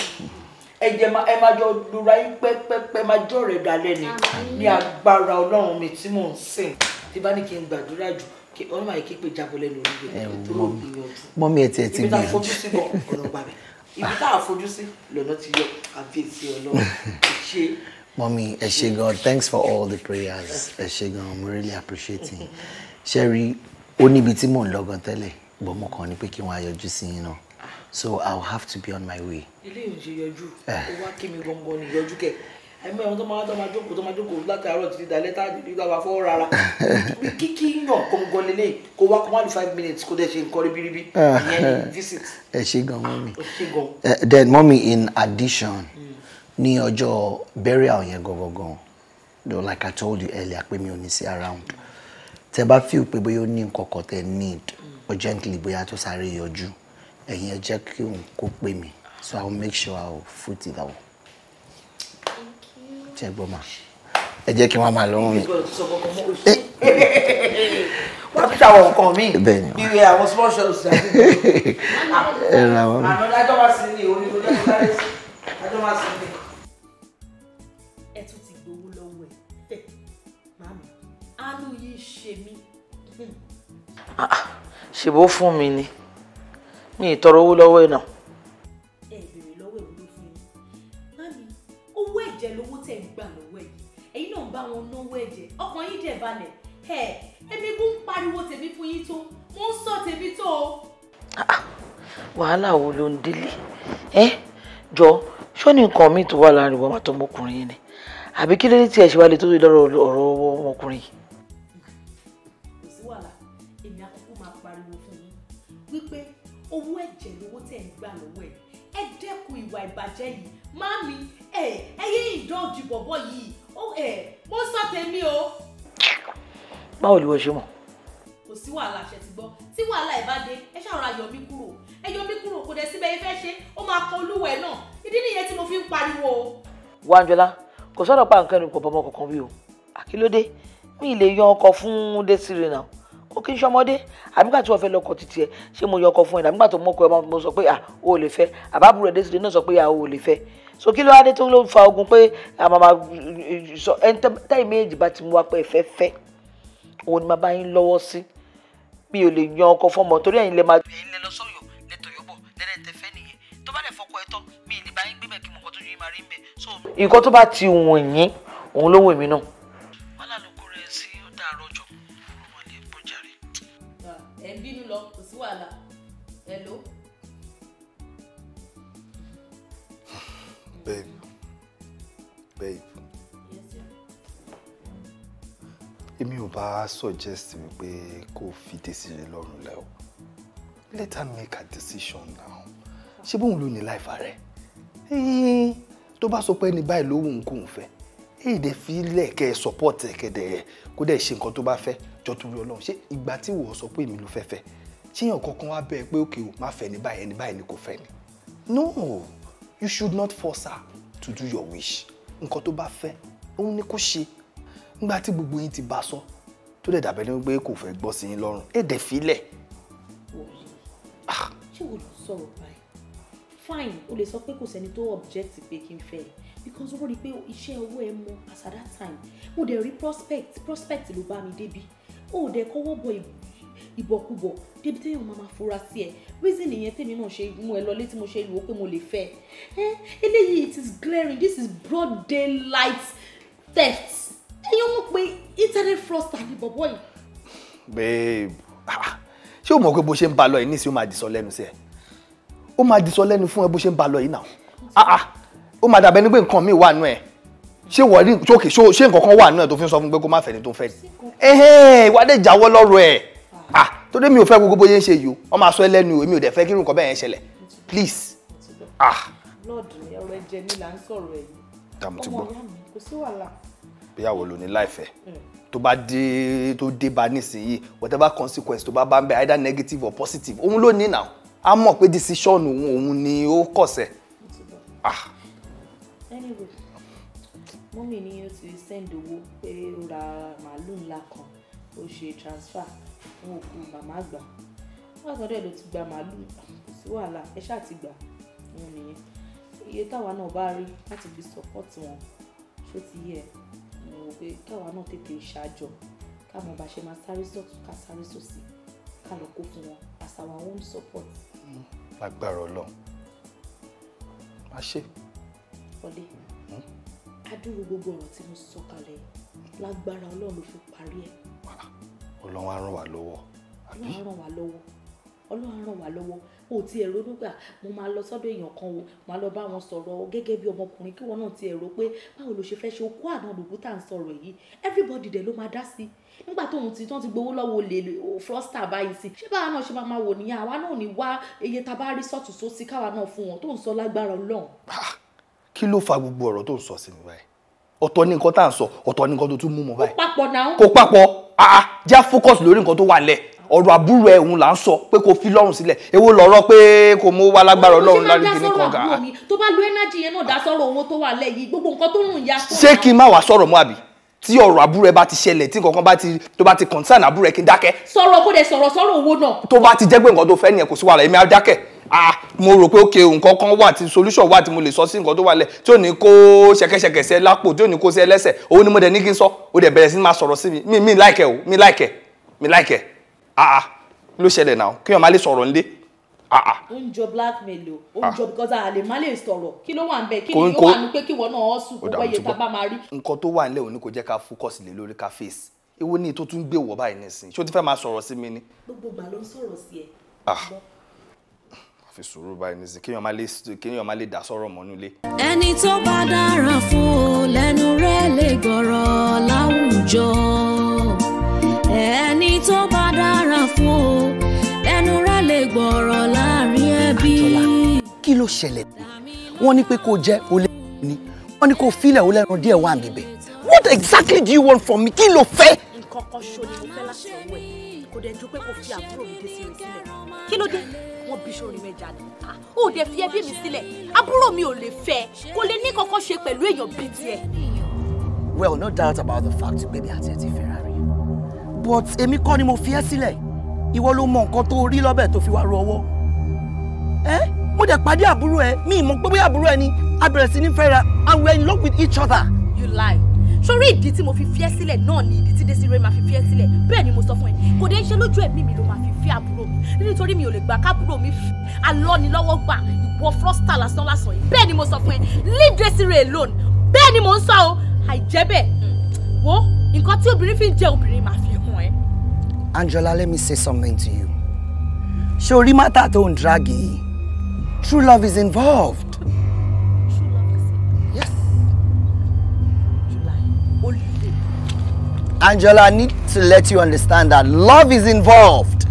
ẹ jẹ ma ẹ máa jọ lura yín pẹ́pẹ́pẹ́ máa jọ rẹ̀ dalẹ̀ ni ní agbára ọlọ́run mi tí mò ń sìn tí bá ní kí n gbàdúrà jù kí ọlọ́run máa kí pé jábọ̀ lẹ́nu orí rẹ̀ tó ló gbìyànjú. mọ́mí ẹ ti ẹ ti gbìyànjú. ibi tá a fojú sí bọ̀ ọ̀nà gbà mí ibi tá a fojú sí lọ́nà ti yọ àbíyèsí ọlọ́run ṣe. mọ́mí ẹ thanks for all the prayers ẹ ṣé gan mo really appreciating. Sherry, ṣẹ́rí ó níbi tí mò bọ́ mo kàn ní pé kí wọ́n á sí yín náà so i will have to be on my way. ilé ìyànjú yọjú eh. ó wá kí mi gangan ní yọjú kẹ ẹmọ ẹ̀wọ̀n tó máa tó máa jókòó tó máa jókòó láti àárọ̀ títí dalẹ́ tá ìdáwà fọ́ rárá kíkí yàn gangan lélẹ̀ kó wá kó wá five minutes kó dẹ̀ ṣe nǹkan ribiribi ah. ìyẹn ní visit. ẹ ṣe gan mọ́mí ah, eh, then mọ́mí in addition hmm. ní ọjọ́ burial yẹn gangan though like i told you earlier pé mi ò ní sí around tẹ bá feel pé bóyá ó ní nǹkan kan tẹ need. Mm urgently bóyá tó sáré yọjú ẹ̀yin ẹ jẹ́ kí òun kó pè mí so i will make sure i will foot it out. ṣe gbọ́ ma ẹ jẹ́ kí wọ́n máa lọ́rùn mi. Eh. wọ́n ti tàwọn nǹkan mi bí àwọn small shops àti ẹ̀rọ àwọn mi. àná dájọ́ máa sin ní òní òní dájọ́ máa sin ní. ẹ tún ti gbowó lọ́wọ́ ẹ̀ màmá àánú yìí ṣe mí. Ah, ah ṣèbó fún mi ni mi ì tọrọ owó lọ́wọ́ ẹ̀ náà. ẹ bèrè lọ́wọ́ ẹ̀ ló fún yín mami owó ẹ̀jẹ̀ lówó tẹ̀ ń gbà lọ́wọ́ ẹ̀ ẹ̀yin náà ń bá wọn náwó ẹ̀jẹ̀ ọkàn yín dẹ̀ balẹ̀ ẹ̀ ẹ̀mí kún ń pariwo tèmi fún yín tó mo ń sọ tèmi tó o. Ah, wàhálà wo ló ń délé ẹ jọ ṣó ní nǹkan míì tó wà láàrin wọn àtọmọkùnrin yìí ni àbí kí ló dé tí ẹ ṣe wá lè tó lọ́rọ̀ ọ̀rọ̀ ọmọkùnrin yìí. ìwà ìbàjẹ́ yìí mami ẹ ẹ yé ìdọ́jú bọ̀bọ̀ yìí ó ẹ mo sọ tèmi o. báwo ni wọ́n ṣe mọ̀. kò sí wàhálà ṣe ti gbọ́ tí wàhálà ẹ̀ bá dé ẹ ṣàrọ̀ ayọ̀ mi kúrò ẹ yọ mi kúrò kò dẹ̀ síbẹ̀ ifẹ́ ṣe ó máa kọ olúwẹ̀ náà ìdí nìyẹn tí mo fi ń pariwo. wájọlá kò sọ̀rọ̀ pa nǹkan ẹnu pọ̀ bọ́mọ kankan bí o àkílódé mi ì lè yan ọkọ̀ fún Desire náà kó kí n ṣọmọdé àbígbà tí wọ́n fẹ́ lọ́kọ títí ẹ ṣé mo yọ ọkọ fún ẹ àbígbà tó mọ́kọ ẹ mo sọ pé ah o ò lè fẹ́ àbábùrò ẹ̀ dẹ́sídẹ̀ẹ́ náà sọ pé ah o ò lè fẹ́ so kí ló wá dé tó ló fa ogun pé àmàmà sọ ẹni táyì méjì bá ti mú wa pé ẹ fẹ́ fẹ́ òun ni màá bá yín lọ́wọ́ sí mi ò lè yan ọkọ fọmọ torí ẹ̀yin lè máa ẹ̀yin lè lọ sọ́yọ̀ lẹ́tọ̀yọ̀bọ̀ lẹ́dẹ̀ẹ́tẹ̀fẹ́ nìyẹn tó bá dẹ̀ fọkọ ẹ mi ì mo kọ́ tó yín máa rí ń bẹ̀ so. nǹkan tó bá èmi ò bá suggest wípé kó fi decision lọ́rùn lẹ́ o let her make her decision now ṣé bóun ló ní life, rẹ̀ tó bá sọ pé ẹni báyìí ló wùn kóun fẹ́ èyí dẹ̀ fi support ẹ̀kẹ́dẹ̀ kó dẹ̀ ṣe nǹkan tó bá fẹ́ jọ torí ọlọ́run ṣé ìgbà tí wọ́n sọ pé èmi ló fẹ́ fẹ́ ṣéyàn kankan wá bẹ́ẹ̀ pé òkè o má fẹ́ ní báyìí ẹni báyìí ni kò fẹ́ ni no you should not force her to do your wish nǹkan tó bá fẹ́ òun ni kó ṣe nígbà tí gbogbo yín ti bá sọ tó dẹ̀ dàbẹ́ ní pé kò fẹ́ gbọ́ sí yín lọ́rùn ẹ̀ dẹ̀ filẹ̀. Ah. ṣé o lè so báyìí fine o lè sọ pé kò sẹ́ni tó object pé kí n fẹ́ because wọ́n rí i pé iṣẹ́ owó ẹ mọ as at that time mo dẹ̀ rí prospect prospect ló bá mi débi o ò dẹ̀ kọ́wọ́ bọ ìbọ̀kúbọ̀ débi téèyàn máa ma fura sí ẹ reason nìyẹn tèmi náà ṣe mú ẹ lọlé tí mo ṣe lù ó pé mo lè fẹ́ ẹ eléyìí it is glaring this is broad daylight theft ẹ̀yin mọ̀ pé internet fraudster ni bọ̀bọ̀ yìí. babe ah, ṣé o mọ̀ pé bó ṣe ń ba lọ yìí nísìnyí ó máa dìsọ lẹ́nu sí ẹ ó máa dìsọ lẹ́nu fún ẹ bó ṣe ń ba lọ yìí náà ah, ah, ó máa dàbẹ́ ni pé nǹkan míì wà nù ẹ̀ ṣé wọ́n rí ṣókè ṣé nǹkan kan wà nù ẹ̀ tó fi ń sọ fún pé kó má fẹ́ ni tó ń fẹ́ ni ẹ̀hẹ́n ìwà dẹ̀ jáwọ́ lọ́rọ̀ ẹ̀ torí mi ò fẹ́ gbogbo bó ṣe yìí o wọ́n máa sọ ẹ lẹ́nu èmi ò please. lọ́ọ̀dù ìgbéyàwó ló ní láìfẹ́ hmm. tó bá dé tó dé bá nísìnyí whatever consequence tó bá bá ń bẹ either negative or positive òun ló ní náà á mọ̀ pé decision òun òun ni ó kọ̀sẹ̀. Ah. mọ́mì ni ó ti send owó pé ó ra màálù ńlá kan ó ṣe transfer fún òkú màmá àgbà wọ́n sọ dẹ́ ló ti gba màálù sí wàhálà ẹ ṣáà ti gbà òun nìyẹn iye táwa náà bá rí láti fi support wọn ṣó ti yẹ pé káwa náà tètè ṣàjọ káwọn bá ṣe máa sáré sọ̀tún ká sáré sòsì ká lọ kó fún wọn as our own support. lágbára Ọlọ́run má ṣe. ọdẹ adúrú gbogbo ọ̀rọ̀ tí mo sọ kalẹ̀ lágbára Ọlọ́run ló fi parí ẹ̀. Ọlọ́run á ràn wá lọ́wọ́. Ọlọ́run á ràn wá lọ́wọ́ ọlọ́run ràn wá lọ́wọ́ o ti ẹ̀rọ nígbà mo máa lọ sọ́dọ̀ èèyàn kan o máa lọ bá wọn sọ̀rọ̀ gẹ́gẹ́ bí ọmọkùnrin kí wọ́n náà ti ẹ̀rọ pé báwo ló ṣe fẹ́ ṣe okó àná lòkú tá à ń sọ̀rọ̀ yìí everybody dẹ̀ ló máa dá sí nígbà tóun ti tán ti gbowó lọ́wọ́ olè froster báyìí sí ṣé báwa náà ṣe máa wò nìyẹn àwa náà ní wá iye tá a bá rí sọ́tún sósì káwa náà fún wọn tó ń sọ lágbára ọlọ́run. kí ló fa gbogbo ọ̀rọ̀ tó ń sọ sí mi báyìí ọ̀tọ̀ ní nǹkan tá à ń sọ ọ̀tọ̀ ní nǹkan tó tún mú mọ́ báyìí. kó papọ̀ náà. kó papọ̀ àá já focus lórí nǹkan tó wà lẹ̀ ọ̀rọ̀ àbúrò ẹ̀ òun là ń sọ pé kò fi lọ́rùn sílẹ̀ èwo lọ́rọ̀ pé kò mú wa lágbára ọlọ́run lárí kíní kan gà. tó bá lo ẹnájì yẹn náà dá sọ̀rọ̀ owó tó wà lẹ̀ yìí gbogbo nǹkan tó rùn ya. ṣé kí n má wàá sọ̀rọ̀ mọ́ àbí tí ọ̀rọ̀ àbúrò ẹ bá ti ṣẹlẹ̀ tí kankan bá ti tó bá ti concern àbúrò ẹ kí n dákẹ́. sọ̀rọ̀ ah mo rò pé ok nǹkan kan wà tí solution wà tí mo lè sọ sí nǹkan tó wà lẹ̀ tí ò ní kó ṣẹ̀kẹ̀ṣẹ̀kẹ̀ lápò tí ò ní kó sẹ lẹ́sẹ̀ òun ni mo dẹ̀ ní kí n sọ ó dẹ̀ bẹ̀rẹ̀ sí máa sọ̀rọ̀ sí mi mi mi láìkẹ́ o mi láìkẹ́ mi láìkẹ́ Ah, ah, ló ṣẹlẹ̀ náà kí wọ́n má lè sọ̀rọ̀ nílé àà. Ah, ah. ó ń jọ blackmail o ó ń jọ because a lè má lè sọ̀rọ̀ kí ló wà ń bẹ kí ni yóò wà ní pé kí wọ́n náà sùn kó wáyé tá a bá máa rí. nǹkan tó wà nílẹ̀ òní kò jẹ́ ká focus lé lórí ká face èwo ni tó tún gbé wọ̀ báyìí nísìn ṣé o ti fẹ́ máa sọ̀rọ̀ sí mi ni. gbogbo ìgbà ló ń sọ̀rọ̀ sí ẹ. àfi sùúrù báyìí nísìn kéèyàn má lè dá sọ̀rọ̀ mọ́nú ilé. ẹni tó bá dára fún o lẹ́nu rẹ̀ lè gbọ́rọ̀ láwùjọ. fún o lẹ́nu rẹ̀ lè gbọ́rọ̀ láàrin ẹbí. kí ló ṣẹlẹ̀ wọ́n ní pé kó jẹ́ olè ní wọ́n ní kó filẹ̀ ó díẹ̀ wà níbẹ̀ what exactly do you want from me kí ló fẹ́. nǹkan kan ṣo ni mo fẹ́ láti ọwọ́ ẹ̀ kò dẹ̀ ju pé kò fi àbúrò mi dé sí mi sílẹ̀ kí ló dé wọ́n bí sórí mi jáde ah, ó dẹ̀ fi ẹbí mi sílẹ̀ àbúrò mi ò lè fẹ́ kò lè ní kankan ṣe pẹ̀lú èèyàn bíi tiẹ̀. well no doubt about the fact baby I ẹ ti fẹ́ra but èmi kọ́ ni mo fi ẹ́ sílẹ̀ ìwọ ló mọ nǹkan tó rí lọ́bẹ̀ tó fi wá ru ọwọ́ ẹ mo dẹ̀ pàdé àbúrò ẹ mi ì pé bóyá àbúrò ẹ ni a bẹ̀rẹ̀ sí ní fẹ́ra and we are in love with each other. you lie sórí ìdí tí mo fi fi ẹ́ sílẹ̀ náà ni ìdí tí Desire máa fi fi ẹ́ sílẹ̀ bẹ́ẹ̀ ni mo sọ fún ẹ kò dé ṣe lójú ẹ̀mí mi ló máa fi fi àbúrò mi nítorí mi ò lè gbà kábúrò mi alọ́nilọ́wọ́ gbà ìwọ frosta lásán lásán yìí bẹ́ẹ̀ ni mo sọ fún ẹ leave Desire alone bẹ́ẹ̀ ni mo ń sọ o àìjẹ́ bẹ́ẹ̀ hmm. wo nǹkan tí obìnrin fi ń jẹ obìnrin máa fi hàn ẹ́. Angela, let me say something to you. Surely mátà tó ń drag yìí. True love is involved. True love is involved. Yes. Angela, I need to let you understand that love is involved.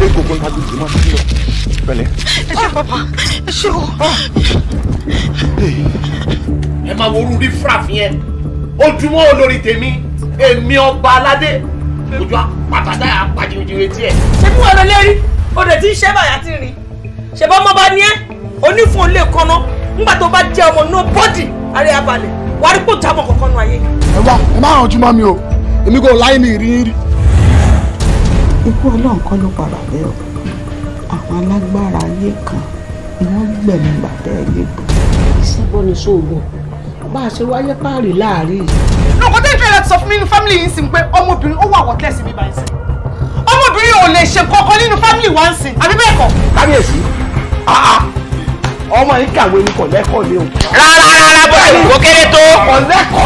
ilé gbogbo ńlá gbogbo máa fi lọ. pẹ̀lẹ́. ẹ ṣe bàbá ẹ ṣe o. Ah. ẹ máa wo orúurí fúrafin yẹn ojúmọ́ olórí tèmi èmi ọba aládé ojú àpàtàdá àpàjìwìjìwì tiẹ̀. ṣé fún ọ̀rọ̀ lérí o lè ti ń ṣẹ́ bàyà tí ń rìn ṣèbá ọmọ bá ní ẹ onífún olè kanna nígbà tó bá jẹ́ ọmọ náà bọ́dì àrẹ ikú ọlọ́run kọ́ ló pa bàbá ẹ̀ o àwọn alágbára ayé kan ni wọ́n gbẹ̀mí bàbá ẹ̀ légbò. ìṣẹ́bọ ni sóògùn bá a ṣe wáyé páàrí láàrin. nǹkan tẹ́ ìfẹ́ láti sọ fún mi nínú fámìlì yìí sí pé ọmọbìnrin ó wà wọ́tẹ́sì bíbá ẹ̀ sí ọmọbìnrin ò lè ṣe kankan nínú fámìlì wa ń sìn àbí bẹ́ẹ̀ kọ́. kábíyèsí ah, ah. ọmọ yìí kàwé ní kọ̀lẹ́kọ̀ ni o. rárá rárá bó ṣe kó kéré tó. kọ̀lẹ́kọ̀.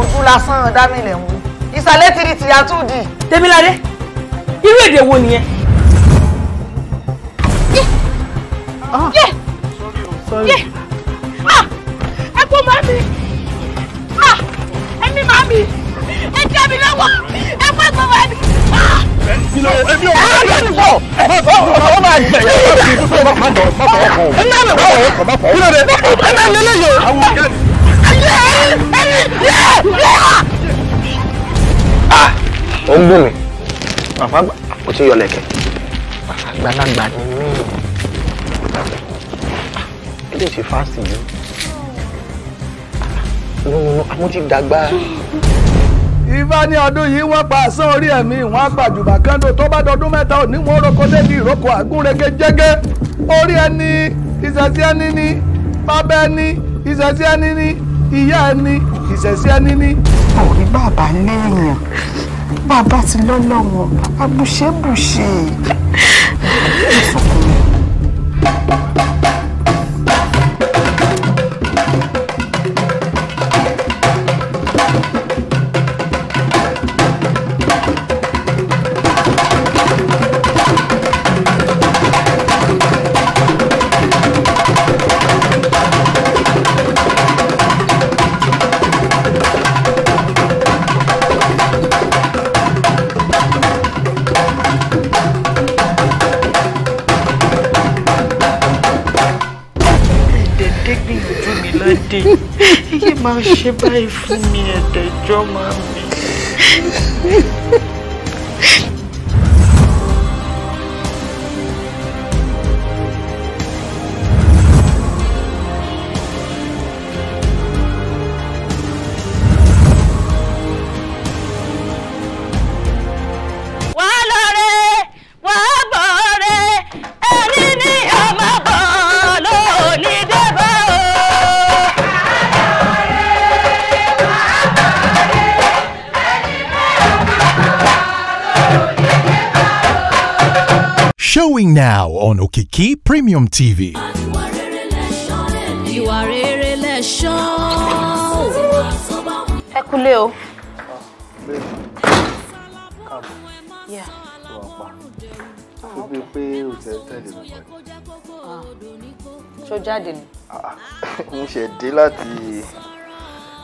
ojú lásán dámìlẹ̀ ń wú ìsàlẹ̀ tìrìtìyà tù dì. tèmi ládé irú èdè wo nìyẹn. ẹ kú mọ́ mi ẹ̀mí mọ́ mi ẹ jẹ́ mi lọ́wọ́ ẹ pẹ́ tó bá mi. Èmi ò wá ní bọ̀. Má bọ̀ ọ́ máa gbẹ̀. Má bọ̀ mi bàbá àgbà o ti yọ lẹ̀kẹ̀. àgbàlagbà ni mí ilé ti fásitì yìí nùnùnù àwọn ti dàgbà. Ifá ní ọdún yìí wọ́n pa àsán orí ẹ̀mí ìwọ̀n àgbàjùbà kando tó bá dọdún mẹ́ta ò ní wọ́n roko débi ìrókò àgúnrege jẹ́gẹ́ orí ẹni ìṣẹ̀sí ẹni ní bàbá ẹni ìṣẹ̀sí ẹni ní ìyá ẹni ìṣẹ̀sí ẹni ní. orí bàbá lẹ́yìn bàbá ti lọ́lọ́wọ́ bàbá bùṣẹ́bùṣẹ́. ṣe báyìí fún mi ẹ̀dẹ̀jọ́ máa mi. Going now on Okiki Premium TV. You are a relation. Ṣó Jaden. Ah. Mo ṣẹ̀ dé láti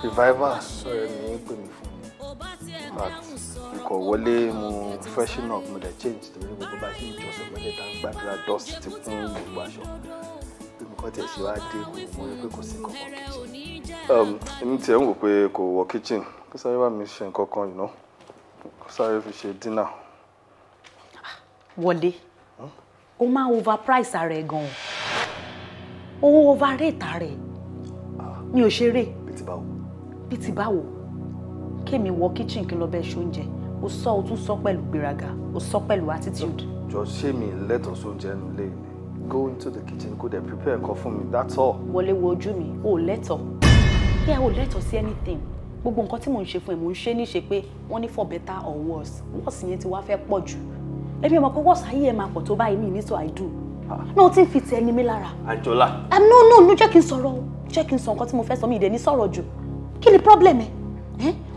revival sọ̀rọ̀ mí fún mi fun kọ̀ wọlé mo freshen up mo dẹ̀ change torí gbogbo bá ṣe ń jọsìn mọ́lẹ̀ tá gbàdúrà dust ti kún gbogbo aṣọ pé mi kọ́ tẹ̀ ṣe wá dé kò mọ̀ pé kò sí kankan kitchen. Um, èmi tiẹ̀ ń wò pé kò wọ kitchen kó sáré bá mi ṣe nǹkan kan yìí kó sáré fi ṣe dinner. wọlé o hmm? máa ń overprice ara ẹ gan-an o overrate ara ẹ ah. mi ò ṣeré bí ti báwo bí ti wọ kitchen kí n lọ bẹ ṣoúnjẹ o sọ o tún sọ pẹ̀lú gbéraga o sọ pẹ̀lú attitude. jọ ṣé mi lẹ́tọ̀ọ́ sóúnjẹ nù lé mi go into the kitchen go there, prepare ẹ̀kọ́ fún mi that's all. wọlé wo ojú mi o lẹ́tọ̀ọ́ yẹ o lẹ́tọ̀ọ́ sí anything gbogbo nǹkan tí mò ń ṣe fún ẹ mò ń ṣe níṣe pé wọ́n ní for better or worse worse yẹn ti wá fẹ́ pọ̀ jù èmi ọmọ pé worse ayé ẹ máa pọ̀ tó báyìí mi ní so i do ah. náà ti ń fi ti ẹni mi lára. àjọlá. no no no jẹ́ kí n sọ̀rọ̀ jẹ́ kí n sọ nǹkan tí mo fẹ́ sọ mi ìdẹ́ni sọ̀rọ̀ jù kí ni problem ẹ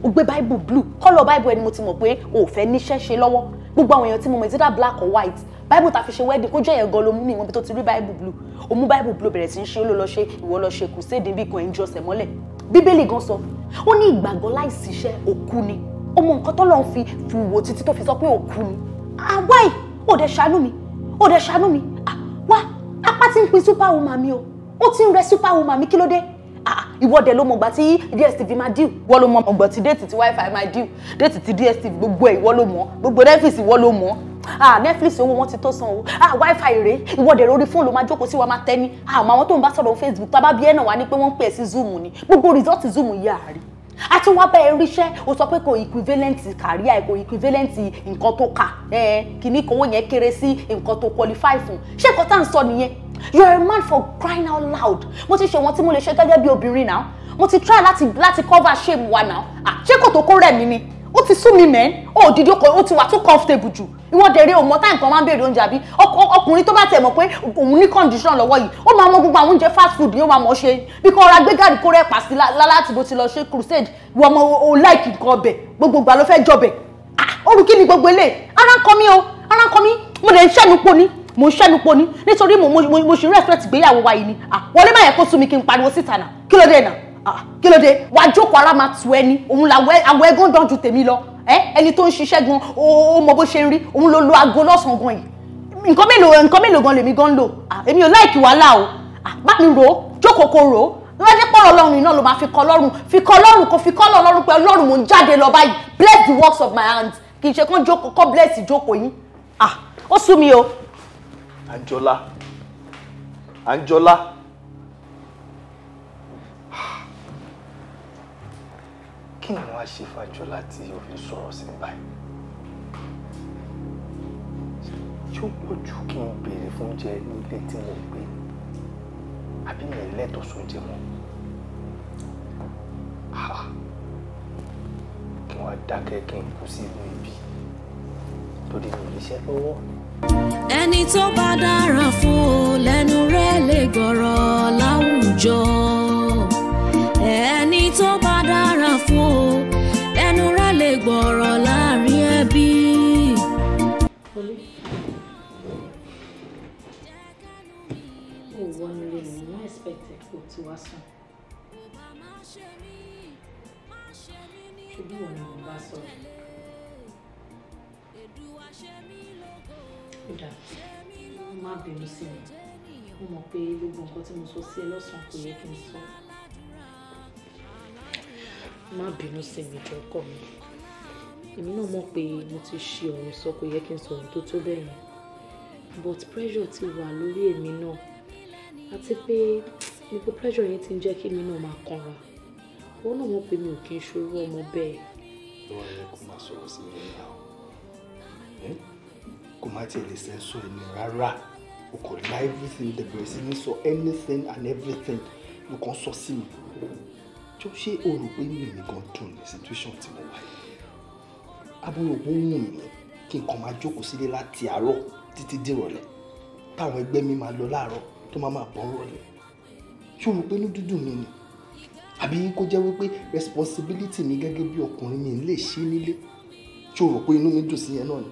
o gbé bible blue kọ́lọ̀ bible ẹni mo ti mọ̀ pé o ò fẹ́ níṣẹ́ ṣe lọ́wọ́ gbogbo àwọn èèyàn tí mo mọ̀ ìsídà black or white bible ta fi ṣe wedding kó jẹ́ èèyàn gan ló mú mi ìwọ̀n bí tó ti rí bible blue o mú bible blue bẹ̀rẹ̀ sí ń ṣe ó ló lọ ṣe ìwọ lọ ṣe crusade bí kan ẹ̀ ń jọsẹ̀ mọ́lẹ̀ bíbélì gan sọ ó ní ìgbàgbọ́ láìsí iṣẹ́ òkú ni ó mọ nǹkan tó lọ́n fi fi wò títí tó fi sọ pé òkú ni àwa ah, ò dẹ̀ ṣàánú mi ò dẹ̀ ṣàánú mi ah, wá apá ti ń pin superwoman mi o ó ti ń rẹ superwoman mi kí ló dé Ah, ìwọ dẹ̀ ló mọ̀ gbà tí dstv máa deal ìwọ ló mọ̀ ọgbọ̀n tí déètì tí wifi máa deal déètì tí dstv gbogbo ẹ̀ ìwọ ló mọ̀ gbogbo netflix ìwọ ló mọ̀ ah netflix owó wọn ti tó san o ah wifi rèé ìwọ dẹ̀ lórí fóònù máa jókòó sí wa máa tẹ́ ni ah màwọn tó ń bá sọ̀rọ̀ facebook tá a bá bí ẹ̀ náà wá ní pé wọ́n ń pè é sí zoom ni gbogbo result zoom yìí àárí a tún wá bẹ́ẹ̀ ríṣẹ́ o sọ pé kò equivalent career kò equivalent nǹkan tó kà kìíní kan yẹn kéré sí nǹkan tó qualify fún ṣé nǹkan tá à ń sọ nìyẹn you are a man for crying out loud mo ti ṣe wọn tí mo lè ṣe gẹ́gẹ́ bí obìnrin náà mo ti try láti láti cover shame wa náà ah, ṣé kò tó kó rẹ̀ mí ni ó ti sú mi mẹ́n ó dìde ó ti wà too comfortable jù ìwọ́n dẹ̀rẹ́ òun mọ táyì kan máa ń béèrè oúnjẹ àbí ọkùnrin tó bá tẹ̀ mọ̀ pé òun ní condition lọ́wọ́ yìí ó máa mọ gbogbo àwọn oúnjẹ fast food yóò máa mọ̀ ṣe bí kò ra gbé gàrí kó rẹ̀ pàṣẹ láti bó ti lọ ṣe crusade wọ́n mọ o like nǹkan ọbẹ̀ gbogbo ìgbà ló fẹ́ jọbẹ̀ ah orúkí ni gbogbo eléyìí ara ń kọ mí o ara ń kọ mí mo dẹ̀ ń ṣẹ́nu poni mo ṣẹ́nu po ni nítorí mo mo ṣì respect ìgbéyàwó wa yìí ni wọlé má yẹ kó sú mi kí n pariwo síta náà kí ló dé náà kí ló dé wàá jókòó ara máa tù ẹni òun làwọ̀ àwọ̀ ẹgún dán ju tèmi lọ ẹni tó ń ṣiṣẹ́ gan ó mọ bó ṣe ń rí òun ló lo aago lọ́sàn-án gan yìí nǹkan mélòó nǹkan mélòó gan lèmi gan lò èmi ò láìkì wàhálà o bá mi rò ó jókòó kó rò ó lọ́jọ́ pọ̀ ọlọ́run iná ló máa fi kọ́ lọ́rùn fi kọ́ lọ́rùn kó fi kọ́ lọ́ lọ́rùn pé ọlọ́run mò ń jáde lọ báyìí bless the works of my hands kì í ṣe kán jókòó kọ́ bless ìjókòó yín ó sú mi o Anjola Anjola kí ni wọ́n á ṣe fàjọlá tí o fi sọ̀rọ̀ sí mi báyìí yóò pọ̀ jù kí n béèrè fún oúnjẹ nílé tí mo gbé àbí mi lẹ́tọ̀ọ́ sóúnjẹ mọ́ kí wọ́n á dákẹ́ kí n kú sí ìlú ibi torí mi ò níṣẹ́ lọ́wọ́ ẹni tó bá dára fún o lẹ́nu rẹ̀ lè gbọ́rọ̀ láwùjọ ẹni tó bá dára fún o lẹ́nu rẹ̀ lè gbọ́rọ̀ láàrin ẹbí. Oh, one million. I expect it to us. bínú sí mi mo mọ̀ pé gbogbo nǹkan tí mo sọ sí ẹ lọ́sàn-án kò yẹ kí n sọ má bínú sí mi jọ ọkọ mi èmi náà mọ̀ pé mo ti ṣe ọ̀rọ̀ sọ kò yẹ kí n sọ̀rọ̀ tó tó bẹ́ẹ̀ yẹn but pressure ti wà lórí èmi náà àti pé gbogbo pressure yẹn ti ń jẹ́ kí èmi náà máa kanra òun náà mọ̀ pé mi ò kí n ṣòro ọmọ bẹ́ẹ̀. ló wà yẹ máa sọ̀rọ̀ sí mi náà kó má tiẹ̀ lè sẹ́ńsọ̀ ẹni rárá o kò la everything the bẹ̀rẹ̀ sí ní sọ anything and everything ló kàn sọ sí mi jọ ṣé o rò pé mi mi gan dùn ní situation tí mo wà yìí abúlé òun wù mí kí n kàn máa jókòó sílé láti àárọ̀ títí dìrọ̀lẹ́ táwọn ẹgbẹ́ mi máa lọ láàárọ̀ tó máa máa bọ́ rọ̀lẹ́ ṣé o rò pé inú dúdùn mi ni àbí kó jẹ́ wípé responsibility mi gẹ́gẹ́ bí ọkùnrin mi lè ṣe nílé ṣé o rò pé inú mi dùn sí yẹn náà ni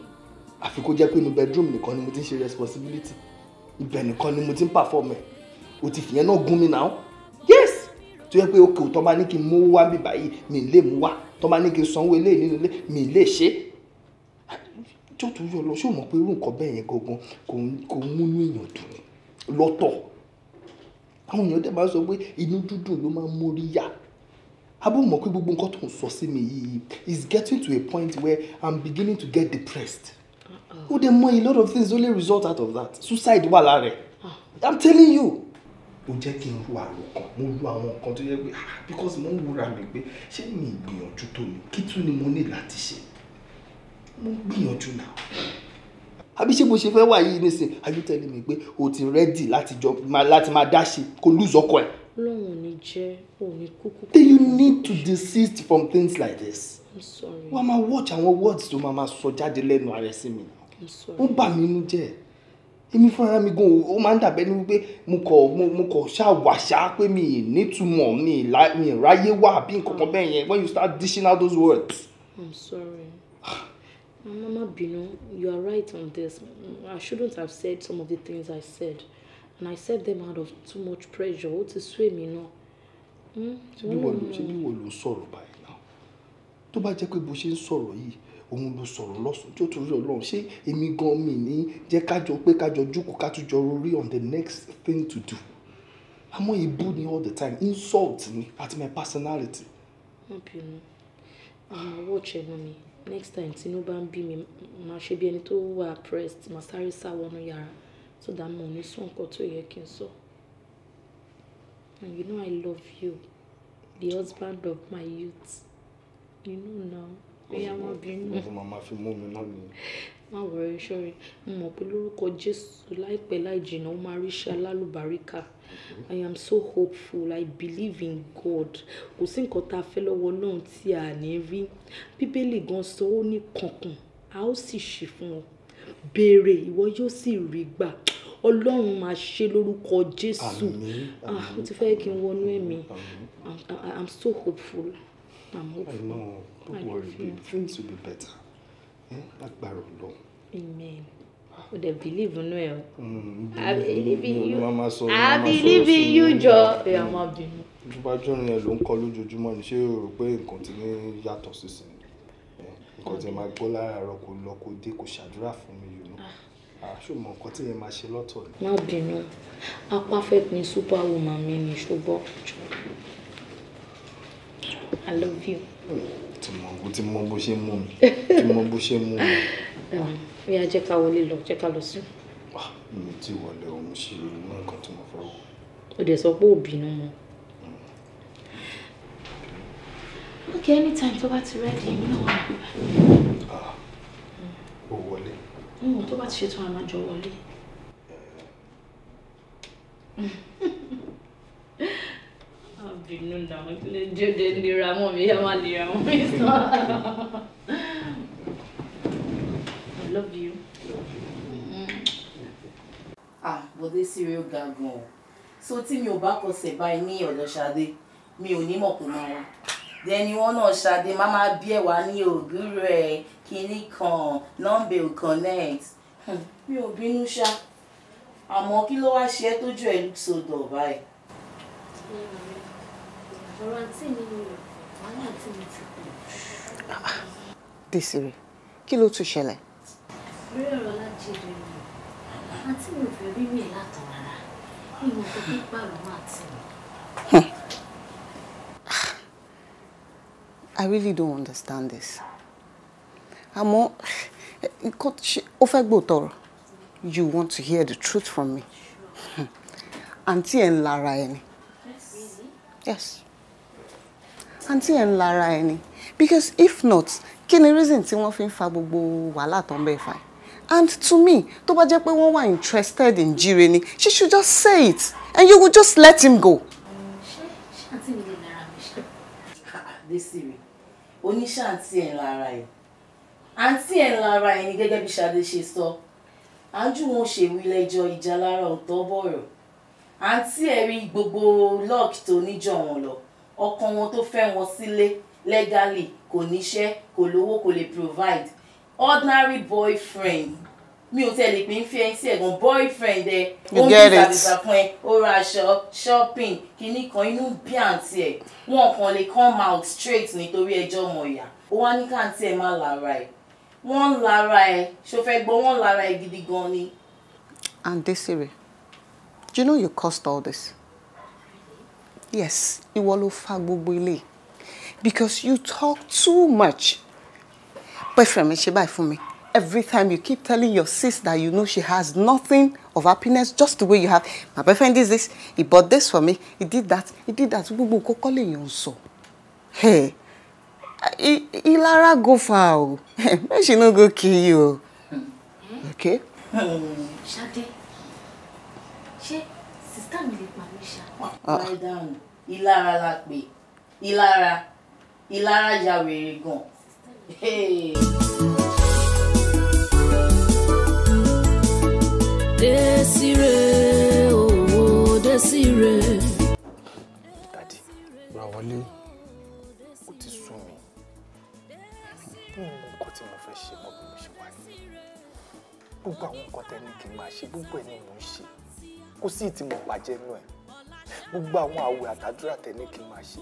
àfi kó jẹ́ pé inú bedroom nìkan ni mo ti ń ṣe responsibility ibẹ̀ nìkan ni mo ti ń pàfọ́ọ̀mù ẹ̀ o ti fìyẹn náà gún mi náà yes tó yẹ pé òkè tó bá ní kí n mú wá bí báyìí mi lè mú wá tó bá ní kí n sanwó eléyìí nínú ilé mi lè ṣe tó yọ lọ ṣé mọ̀ pé irú nǹkan bẹ́ẹ̀ yẹn gangan kò múnú èèyàn dùn ní lọ́tọ̀ àwọn èèyàn dẹ̀ máa sọ pé inú dúdùn ló máa ń mórí yá abó mọ̀ pé gbogbo nǹkan tó ń sọ sí mi yìí is getting to a point where I'm beginning to get depressed ó dẹ̀ mọ a lot of things only result out of that suicide wà lára ẹ̀ i'm telling you ó jẹ́ kí n ru àlòkàn mo ru àwọn nǹkan tó yẹ pé ah, because mo ń wúra mi pé ṣé mi ìgbìyànjú tó ni kí tún ni mo ní láti ṣe mo ń gbìyànjú náà. àbí ṣé mo ṣe fẹ́ wà yìí nísìn are you telling me pé o ti rẹ́dì láti jọ láti máa dá kó lùzọ ọkọ ẹ̀. lọ́wọ́n ni jẹ́ òní kúkú. then you need to desist from things like this. I'm sorry. wàá máa watch àwọn words tó máa máa sọ jáde lẹ́nu ara ẹ̀ sí mi ó bà mí nú èmi fúnra mi gan ó máa ń dàbẹ́ ní wípé mo kọ̀ mo kọ̀ ṣàwàṣà pé mi ì nítumọ̀ mi ì ráyé wà bí nǹkan bẹ́ẹ̀ yẹn when you start dishing out those words. I'm sorry. Mama Binu, you are right on this. I shouldn't have said some of the things I said. And I said them out of too much pressure. Ó ti sú èmi náà. Ṣé bí wọ́n ló sọ̀rọ̀ báyìí náà? Tó bá jẹ́ pé bó ṣe ń sọ̀rọ̀ yìí, òun ló sọ̀rọ̀ lọ́sùn tí ó torí ọlọ́run ṣé èmi gan mi ní jẹ́ kájọ pé kájọ jókòó kájọ rorí on the next thing to do àmọ́ ìbú ni all the time insult ni àti my personality. mo bínú àmọ́ owó ìṣẹ́nu mi next time tí inú bá ń bí mi máa ṣe bí ẹni tó wà pressed máa sáré sá wọnú yàrá so that mo ní sọ nǹkan tó yẹ kí n sọ and you know I love you the husband of my youth you know now ìyá má bínú. ọdún màmá fi mú mi náà nìyẹn. má wọrí sọrí mo mọ̀ pé lórúkọ jésù láìpẹ́ láì jìnnà ó máa ríṣẹ́ alálùbáríkà i am so hopeful i believe in god kò sí nǹkan tá a fẹ́ lọ́wọ́ náà tí a ní rí bíbélì gan sọ ó ní kankan a ó sì ṣí fún ọ béèrè ìwọ yóò sì rí gbà ọlọ́run máa ṣe lórúkọ jésù ah ó ti fẹ́ kí n wọnú ẹ̀mí i am so hopeful. I'm hopeful. I know. Don't I worry, babe. Things will be better. Eh? Agbára Ọlọ́run. Amen. O they believe inú ẹ o. Hmm, I believe in you. I believe in you jọ. Ẹ ọmọ bínú. Tó bá jọrin ẹ ló ń kọ lójoojúmọ́ ni ṣé o rò pé nǹkan ti ní yàtọ̀ sísìn? Eh, nǹkan tí máa gbọ́ láràárọ̀ kò lọ kò dé kò ṣàdúrà fún mi yìí àṣùmọ̀ ah. ah, nǹkan tí yẹn máa ṣe lọ́tọ̀ Má bínú, apá fẹ́ ni superwoman mi ni ṣùgbọ́n. I love you. Tí mo bó tí mo bó ṣe mú mi. Tí mo bó ṣe mú mi. Bí a jẹ́ ká wọlé lọ, jẹ́ ká lọ sí. Ah, mi ti wọlé o, mo ṣe irú nǹkan tí mo fẹ́ wò. O dẹ̀ sọ pé òbí mo. Mm. Okay, anytime tó bá ti rẹ́dí, èmi náà wà nígbà. Ah, o wọlé. Mm, tó bá ti ṣètò àwọn àjọ wọlé. Eh. bínú làwọn tó lè jóde lera mọ́ mi yá I love you. Mm. ah bọ̀dé serial gan o so tí mi ò bá kọsẹ̀ báyìí ní ọ̀dọ̀ Ṣadé mi ò ní mọ̀ kó máa wá dẹni wọn náà Ṣadé má má bí ẹ wá ní ògúrò ẹ kínní kan nọ́mbà ò connect hmm, mi ò bínú ṣá àmọ́ kí ló wá ṣe é tójú ẹ̀ sódò báyìí. Mm ọ̀rọ̀ àǹtí mi ni wàhálà kí ló tún ṣẹlẹ̀. lórí ọ̀rọ̀ lájẹ̀dẹ̀ ni àǹtí mi ò fẹ́ rí mi látọ̀ rárá ìmọ̀ tó fi pààrọ̀ mọ́ àǹtí mi. Hmm. I really don't understand this. Àmọ́ nǹkan ó fẹ́ gbòòtọ̀rọ̀ you want to hear the truth from me. Sure. Hmm. Àǹtí ẹ̀ ń lára ẹni. Yes. yes àǹtí ẹ̀ ń lara ẹ ni because if not kí ni reason tí wọ́n fi ń fa gbogbo wàhálà tó ń bẹ̀ fà and to me tó bá jẹ́ pé wọ́n wà interested in Jíre ni she should just say it and you will just let him go. ṣáàtì mi lè lára mi ṣe. àdésì mi oníṣàǹtì ẹ̀ ń lara ẹ̀ àǹtí ẹ̀ ń lara ẹ̀ ni gẹ́gẹ́ bí Ṣadé ṣe sọ àjù wọn ṣèwí lẹ́jọ́ ìjà lára ọ̀tọ̀ bọ̀rọ̀ àǹtí ẹ̀ rí gbogbo lọ́ọ̀kì tó níjọ wọn lọ ọkọ wọn tó fẹ́ wọn sílé legally kò níṣẹ́ kò lówó kò lè provide ordinary boyfriend mi ò tẹ̀lé pé ń fi ẹyin sí ẹ̀gbọ́n boyfriend ẹ ó ń bí ìsàbìsà fún ẹ ó ra aṣọ shopping kìíní kan inú bí àǹtí ẹ wọn kàn lè come out straight nítorí ẹjọ́ mọ̀ọ́yà ó wá ní káǹtí ẹ má lára ẹ wọ́n ń lára ẹ ṣó fẹ́ gbọ́ wọ́n ń lára ẹ gidi gan ni. and Desiree, do you know you caused all this? yes ìwọ ló fa gbogbo ilé because you talk too much boyfriend mi ṣe báyìí fún mi every time you keep telling your sis that you know she has nothing of happiness just the way you have my boyfriend did this he bought this for me he did that he did that gbogbo nǹkan kọ́ lè yàn sọ ìlara go far o make she no go kill you o hmm? okay. ṣadé ṣé sista mi lè Ah. ìlara la pè ìlara ìlara ya wèrè gan. Desire owó Desire. dadi gba wọlé ó ti sún mi bí nǹkan tí mo fẹ́ ṣe mọ́ bí mo ṣe wà ní gbogbo àwọn nǹkan tẹ́ ní kí n máa ṣe gbogbo ẹ̀ ni mò ń ṣe kò sí ìtì mo bàjẹ́ nù ẹ̀ gbogbo àwọn àwẹ̀ àtàdúrà tẹ̀ ní kí n máa ṣe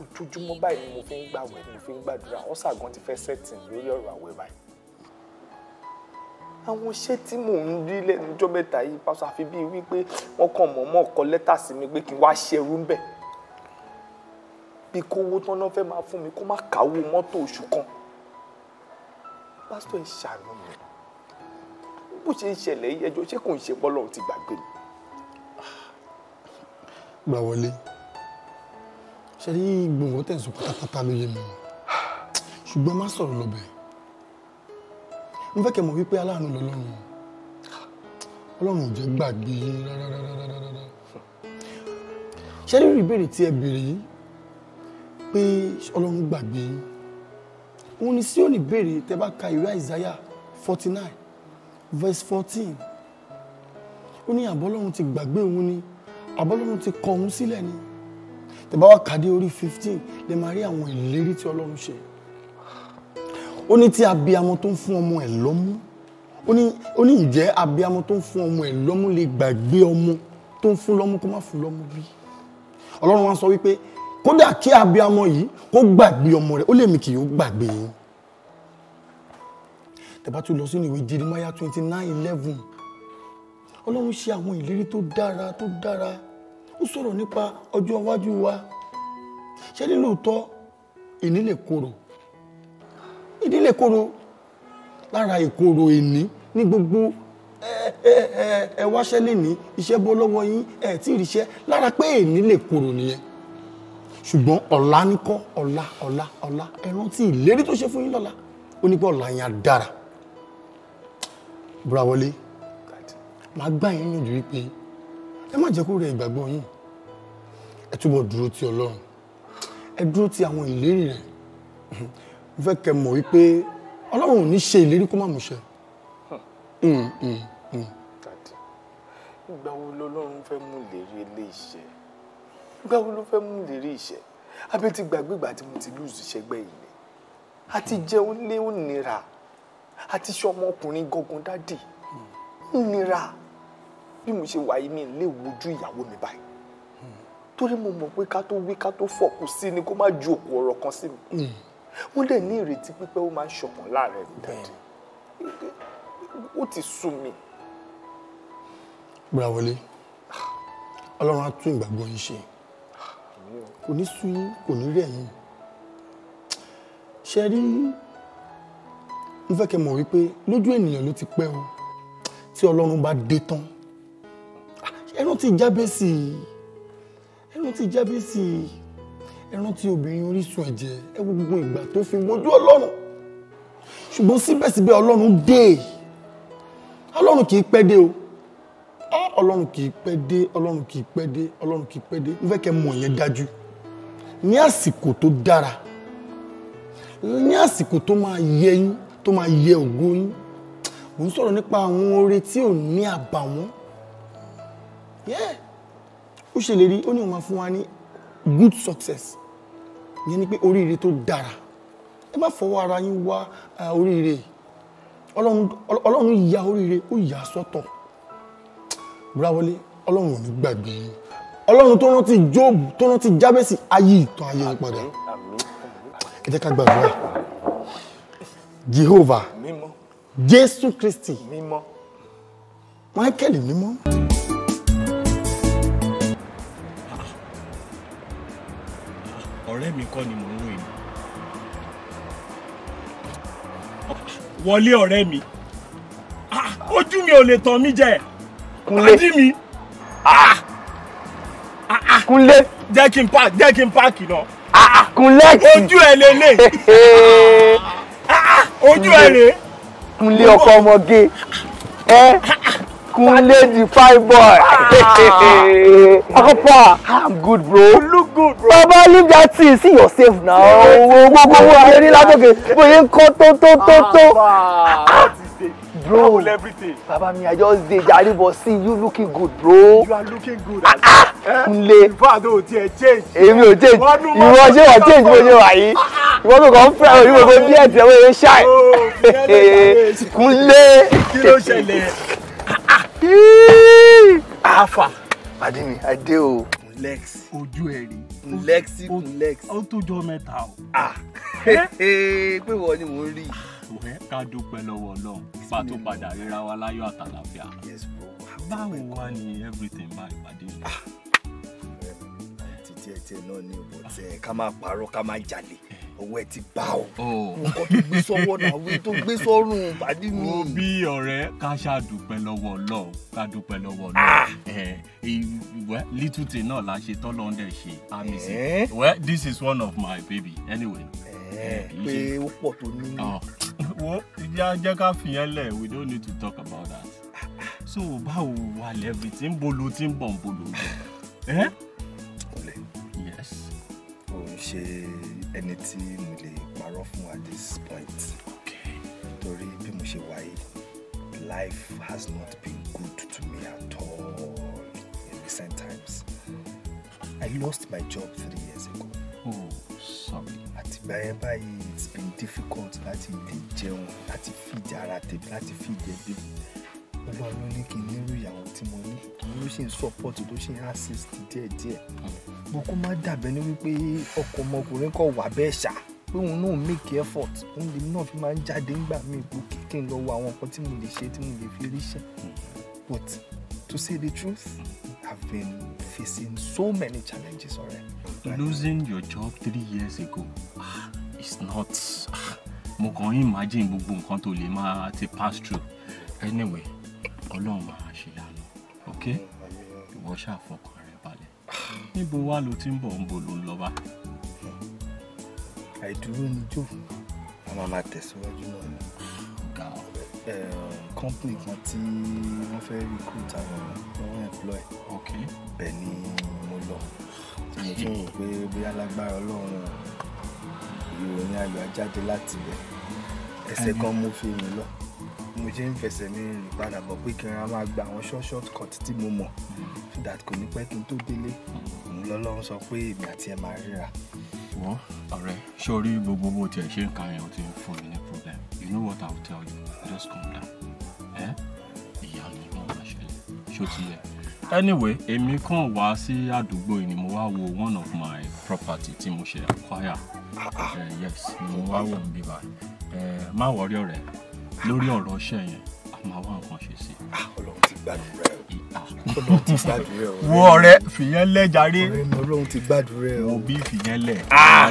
ojoojúmọ́ báyìí ni mo fi ń gbàwẹ̀ mo fi ń gbàdúrà ọ̀sà gan ti fẹ́ sẹ́tìn lórí ọ̀rọ̀ àwẹ̀ báyìí. àwọn iṣẹ́ tí mò ń rí lẹ́nu ọjọ́ mẹ́ta yìí pásọ àfi bíi wípé wọ́n kàn mọ̀ọ́mọ̀ kọ lẹ́tà sí mi pé kí n wá ṣerú ńbẹ̀ bí kówó tán náà fẹ́ máa fún mi kó má káwó mọ́tò oṣù kan pásítọ̀ ìṣàánú mi bó ṣe ń ṣẹlẹ̀ ẹjọ́ ṣé kò ń ṣe pọ́lọ́ ti gbàgbé mi gbà wọlé ṣe rí gbogbo tẹ̀sán pátápátá ló yé mi o ṣùgbọ́n má sọ̀rọ̀ lọ́bẹ̀ n fẹ́ kẹ́ mọ̀ wípé aláàánú lọ́lọ́run ọlọ́run ò jẹ́ gbàgbé yín rárá ṣe rí ìbéèrè tí ẹ béèrè yìí pé ọlọ́run gbàgbé yín òun ni sí òní béèrè tẹ́ bá ka ìwé àìsáyà forty nine verse fourteen ó ní àbọ́lọ́run ti gbàgbé òun ni àbọ́lọ́run ti kọ òun sílẹ̀ ni tẹ̀bá wá kàdé orí fifteen lè máa rí àwọn ìlérí tí ọlọ́run ṣe ó ní tí abiyamọ tó ń fún ọmọ ẹ̀ lọ́mú ó ní ìjẹ́ abiyamọ tó ń fún ọmọ ẹ̀ lọ́mú lè gbàgbé ọmọ tó ń fún lọ́mú kó má fún lọ́mú bí ọlọ́run wá sọ wípé kódà kí abiyamọ yìí kó gbàgbé ọmọ rẹ̀ ó lè mí kì í gbàgbé yín tẹ̀bá tún lọ sínú ìwé Jeremiah twenty nine eleven ọlọ́run ṣe àwọn ìlérí tó dára tó dára ó sọ̀rọ̀ nípa ọjọ́ iwájú wa ṣé ní lóòótọ́ ìní lè korò ìní lè korò lára ìkorò ìní ní gbogbo ẹ wáṣẹ́ lẹ́ni iṣẹ́ bọ́ lọ́wọ́ yín ẹ tí ì ríṣẹ́ lára pé ìní lè korò nìyẹn ṣùgbọ́n ọ̀la ní kọ́ ọ̀la ọ̀la ọ̀la ẹ rántí ìlérí tó ṣe fún yín lọ́la ó ní pé ọ̀la yẹn á dára búra wọlé màá gbà yín níyànjú wípé ẹ má jẹ́ kó rẹ ìgbàgbọ́ yín ẹ túbọ̀ dúró ti ọlọ́run ẹ dúró ti àwọn ìlérí rẹ̀ mo fẹ́ kẹ́ mọ̀ wípé ọlọ́run ò ní ṣe ìlérí kó má mú ṣẹ. ìgbà hmm, hmm, hmm. wo lọlọ́run fẹ́ mú ìlérí ilé iṣẹ́ ìgbà wo ló fẹ́ mú ìlérí iṣẹ́ abẹ́ ti gbàgbé ìgbà tí mo ti lùzù ṣẹgbẹ́ yìí ni àti jẹun lé ó nira àti ṣe ọmọkùnrin gangan dádì ó nira bí mo ṣe wà yìí mi lè wojú ìyàwó mi báyìí torí mo mọ̀ pé ká tó wí ká tó fọ̀kù sí ni kó má ju òkú ọ̀rọ̀ kan sí mi wọ́n mm. dẹ̀ ní ìrètí pípẹ́ ó máa ń ṣọ̀kan láàrẹ̀ dáadé ó ti sú mi. gbà wọlé ọlọ́run á tún ìgbàgbọ́ yín ṣe kò ní sú yín kò ní rẹ̀ yín ṣe rí n fẹ́ kẹ́ mọ̀ wípé lójú ènìyàn ló ti pẹ́ o tí ọlọ́run bá dé tán ah, ẹran ti jábẹ́ sí i inú ti jẹ́bi sí i ẹran tí obìnrin orísun ẹ̀jẹ̀ ẹ wo gbogbo ìgbà tó fi wojú ọlọ́run ṣùgbọ́n síbẹ̀síbẹ̀ ọlọ́run dé ọlọ́run kì í pẹ́ dé o ọlọ́run kì í pẹ́ dé ọlọ́run kì í pẹ́ dé ọlọ́run kì í pẹ́ dé mo fẹ́ kẹ́ mọ̀ yẹn dájú ní àsìkò tó dára ní àsìkò tó máa yẹ yín tó máa yẹ ògo yín mò ń sọ̀rọ̀ nípa àwọn oore tí ò ní àbàwọ́n yeah ó ṣèlérí ó ní òun fún wa ní good success ìyẹn ni pé oríire tó dára ẹ má fọwọ́ ara yín wá oríire ọlọ́run ya oríire ó yà sọ́tọ̀ búráwọlé ọlọ́run ò ní gbàgbé ọlọ́run tó rántí Job tó rántí Jábẹ́sì ayé ìtàn ayé wọn padà ẹ jẹ́ ká gbàdúrà Jehovah Jésù Kristi Michael mímọ́. ọ̀rẹ́ mi kọ́ ni mò ń wò yìí wọlé ọ̀rẹ́ mi ah, ojú mi ò lè tàn mí jẹ pàdí mi ah. Ah, kúnlé jẹ́ kí n pa jẹ́ kí n páàkì náà kúnlé ojú ẹ lélẹ̀ ojú ẹ rè kúnlé ọkọ ọmọge ẹ. Kunle the fine boy. Akapa, I'm good bro. You look good bro. Baba leave that thing, see yourself now. Gbogbo wo ayẹri lágbègbè bóyá ń kọ́ tó tó tó tó. Bro, Baba mi, I just dey jare but see you looking good bro. You are looking good as well. Kunle. Ìfáàdó ò tiẹ̀ change. Èmi ò change. Ìwọ ṣé wà change bó ṣe wà yìí? Ìwọ tó kàn ń fẹ́ òní gbogbo bí ẹ̀tì ẹ̀wọ̀n yẹn ṣáì. Kunle. Kí ló ṣẹlẹ̀? afa. pàdé mi adé o. lex. ojú ẹ rí. lex kun lex. ó tó jọ mẹ́ta o. Ah. pé wọ́n ni mò ń rí. ká dúpẹ́ lọ́wọ́ Ọlọ́run bá tó padà ríra wa láyọ̀ àtàlàfíà. báwo wá ni everything máa ìpàdé mi. Ah. títí ẹ tiẹ̀ náà ni ìbò tẹ ká máa parọ́ ká máa jalè ọwọ́ ẹ ti bá ọ oh. nǹkan tó gbé sọ́wọ́ náà wí tó gbé sọ́rùn pàdé mi. wo bí ọ̀rẹ́ ká ṣàdùpẹ́ lọ́wọ́ Ọlọ́run ká lọ́wọ́ Ọlọ́run ah! eh, eh, little thing náà la ṣe tọ́lọ́ ń dẹ̀ ṣe àmì sí eh? well this is one of my baby anyway. pé ó pọ̀ tó ní. Oh. wo jẹ́ ká fìyẹn lẹ̀ we don't need to talk about that so báwo wà lẹ́bi tí ń bolo tí ń bọ̀ ń bolo jẹ. Ah. yes. o ń ṣe Anything tí mo lè parọ́ fún at this point torí bí mo ṣe wáyé life has not been good to me at all in recent times I lost my job three years ago. Oh, sorry. àtìgbà yẹn báyìí it's been difficult láti lè jẹun láti fìdí ara tèmi láti fìdí ẹbí ọlọ́run ló ní kí n nírú ìyàwó tí mo ní ló ṣe ń support ló ṣe ń assist díẹ̀díẹ̀. Mm kó má dàbẹ́ ni wípé ọkọ ọmọkùnrin kọ̀ wà bẹ́ẹ̀ ṣá pé òun náà make effort òun lèmi náà fi máa ń jáde ńgbà mí ipò kí n lọ wo àwọn nǹkan tí mo lè ṣe tí mo lè fi ríṣẹ́ but to say the truth I've been facing so many challenges already. losing your job three years ago ah, it's not ah, mo kàn ń imagine gbogbo nǹkan tó lè máa ti pass through anyway Ọlọ́run máa ṣe lánàá ok ìwọ ṣàfọkàn níbo wà ló ti ń bọ̀ ń bo ló ń lọ bá. àìdúró ni jò a máa máa tẹ̀síwájú náà ni. ọ̀gá kọ́ńpìnì kan tí wọ́n fẹ́ recruit àwọn lọ́wọ́ employ. ok bẹ́ẹ̀ ni mo lọ. mo tún rò pé bóyá lágbára ọlọ́run ìròyìn ayọ̀ ajáde láti bẹ̀ ẹsẹ̀ kan mo fi rìn lọ mo ṣe ń fẹsẹ̀ mi rìn padà bọ̀ pé kí n ra máa gba àwọn short short cut tí mo mọ̀ so hmm. that kò ní pẹ́ kí n tó délé hmm lọ́lọ́run sọ pé èmi àti ẹ máa ríra. wọ́n ọ̀rẹ́ ṣé orí gbogbo owó tiẹ̀ ṣe ń ka yẹn o ti ń fún mi ní problem you know what i will tell you just come down ẹ ìyá mi náà máa ṣẹlẹ̀ ṣó ti yẹ. anyway èmi kàn wá sí àdúgbò yìí ni mo wá wo one of my property tí mo ṣe acquire uh, yes ni mo wá wò ń bí báyìí eh, má wọrí ọ̀rẹ́ lórí ọ̀rọ̀ ṣẹ́ a máa wá nǹkan ṣe sí i. Ah, ọlọ́run ti gbàdúrà wo ọ̀rẹ́ fìyẹn lẹ jàre. ọ̀rẹ́ mi Ọlọ́run ti gbàdúrà ẹ o. òbí fìyẹn lẹ. Ah!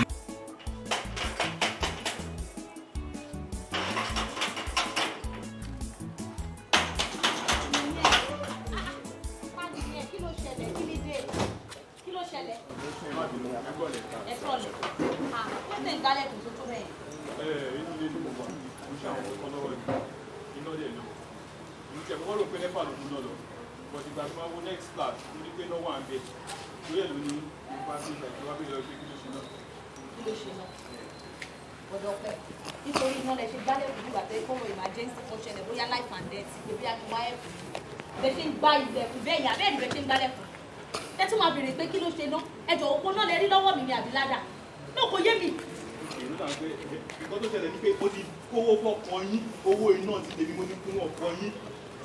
nǹkan tó ṣẹlẹ̀ ni pé o ti kówó fọ́kọ yín owó iná ti tèmi mo ti kún ọkọ yín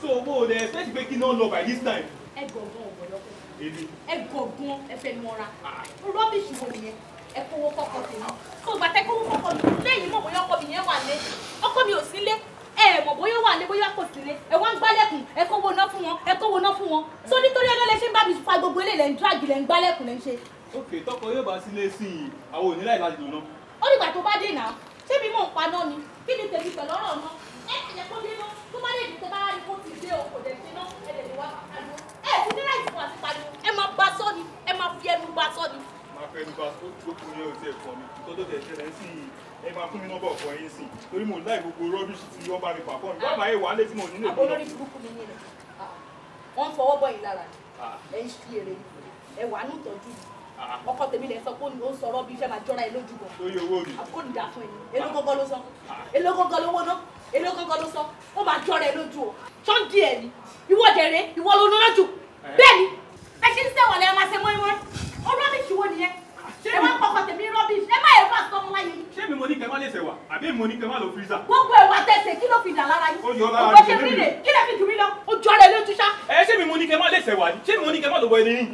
so owó o dẹ̀ expect pé kí náà lọ by this time. ẹ gọ̀gán ọ̀gbọ̀dọ̀kọ̀ ẹ gọ̀gán ẹ mọ́ra ah. rọ́bìṣì wo nìyẹn ẹ kówó fọ́kọ tèmi so ìgbà tẹ kówó fọ́kọ mi lẹ́yìn mọ̀ bóyá ọkọ mi yẹn wà lé ọkọ mi ò sí lé ẹ mọ̀ bóyá wà lé bóyá kò sí lé ẹ wá ń gbálẹ̀kùn ẹ kówó ná fún wọn ẹ kówó ná fún wọn so nítorí ẹlẹ́lẹ́ ṣe ń bá mi fa gbogbo eléyìí lẹ́ ń dráàgì lẹ́ ń gbálẹ̀kùn lẹ́ ń ṣe. ok tọkọ yóò bá sílé sí i àwọn ò ó dìgbà tó bá dé náà ṣé mi mò ń paná ni kí ni tèmi pẹ̀lú ọ̀rọ̀ náà ẹ ẹ̀jẹ̀ kó dé náà tó bá dé ìdí tẹ bá rí kó ti dé o kò dẹ̀ ṣe náà ẹ̀dẹ̀ ni wá pariwo ẹ̀ ti ní láì fún àti pariwo ẹ máa bá sọ ni ẹ máa fi ẹnu bá sọ ni. máa fẹ́ ẹnu bá gbókùn yẹn ò tiẹ̀ kàn mí tó tó tẹ̀ ṣẹlẹ̀ sí i ẹ máa fún mi nọ́bọ̀ ọ̀kan yín sí torí mo láì gbogbo rọ́bìṣì tí wọ́n bá mi pàpọ̀ ọkọ tèmi lẹ sọ pé ó sọ̀rọ̀ bí iṣẹ́ máa jọra ẹ lójú bọ̀ oye owó mi àkókò nìdá fún ẹni elógógó ló sọ elógógó ah. ló wọnà elógógó ló sọ ó máa jọra ẹ lójú o ṣọ́ǹdì ẹ̀ ni ìwọ dẹ̀rẹ̀ ìwọ ló náà jù eh. bẹ́ẹ̀ ni ẹ ṣe ń sẹ́wọ̀n lẹ́yìn máa ṣe mọ́ínmọ́ín ó rọ́bìṣì wo nìyẹn ṣé wọn kọkọ tèmi rọbì ẹ má yẹ fà sọmọ láyé. ṣé mi mo ní kẹmá lè ṣẹwà àbí mo ní kẹmá lò fírísà. gbogbo ẹwà tẹsẹ kí ló fi dà lára yìí. ó yọ lára mi ṣe mí mi. kí lè fi dùn mí lọ ó jọ rẹ lójú ṣá. ẹ ṣé mi mo ní kẹmá lè ṣẹwà ni ṣé mi mo ní kẹmá lò bọ ẹni rí.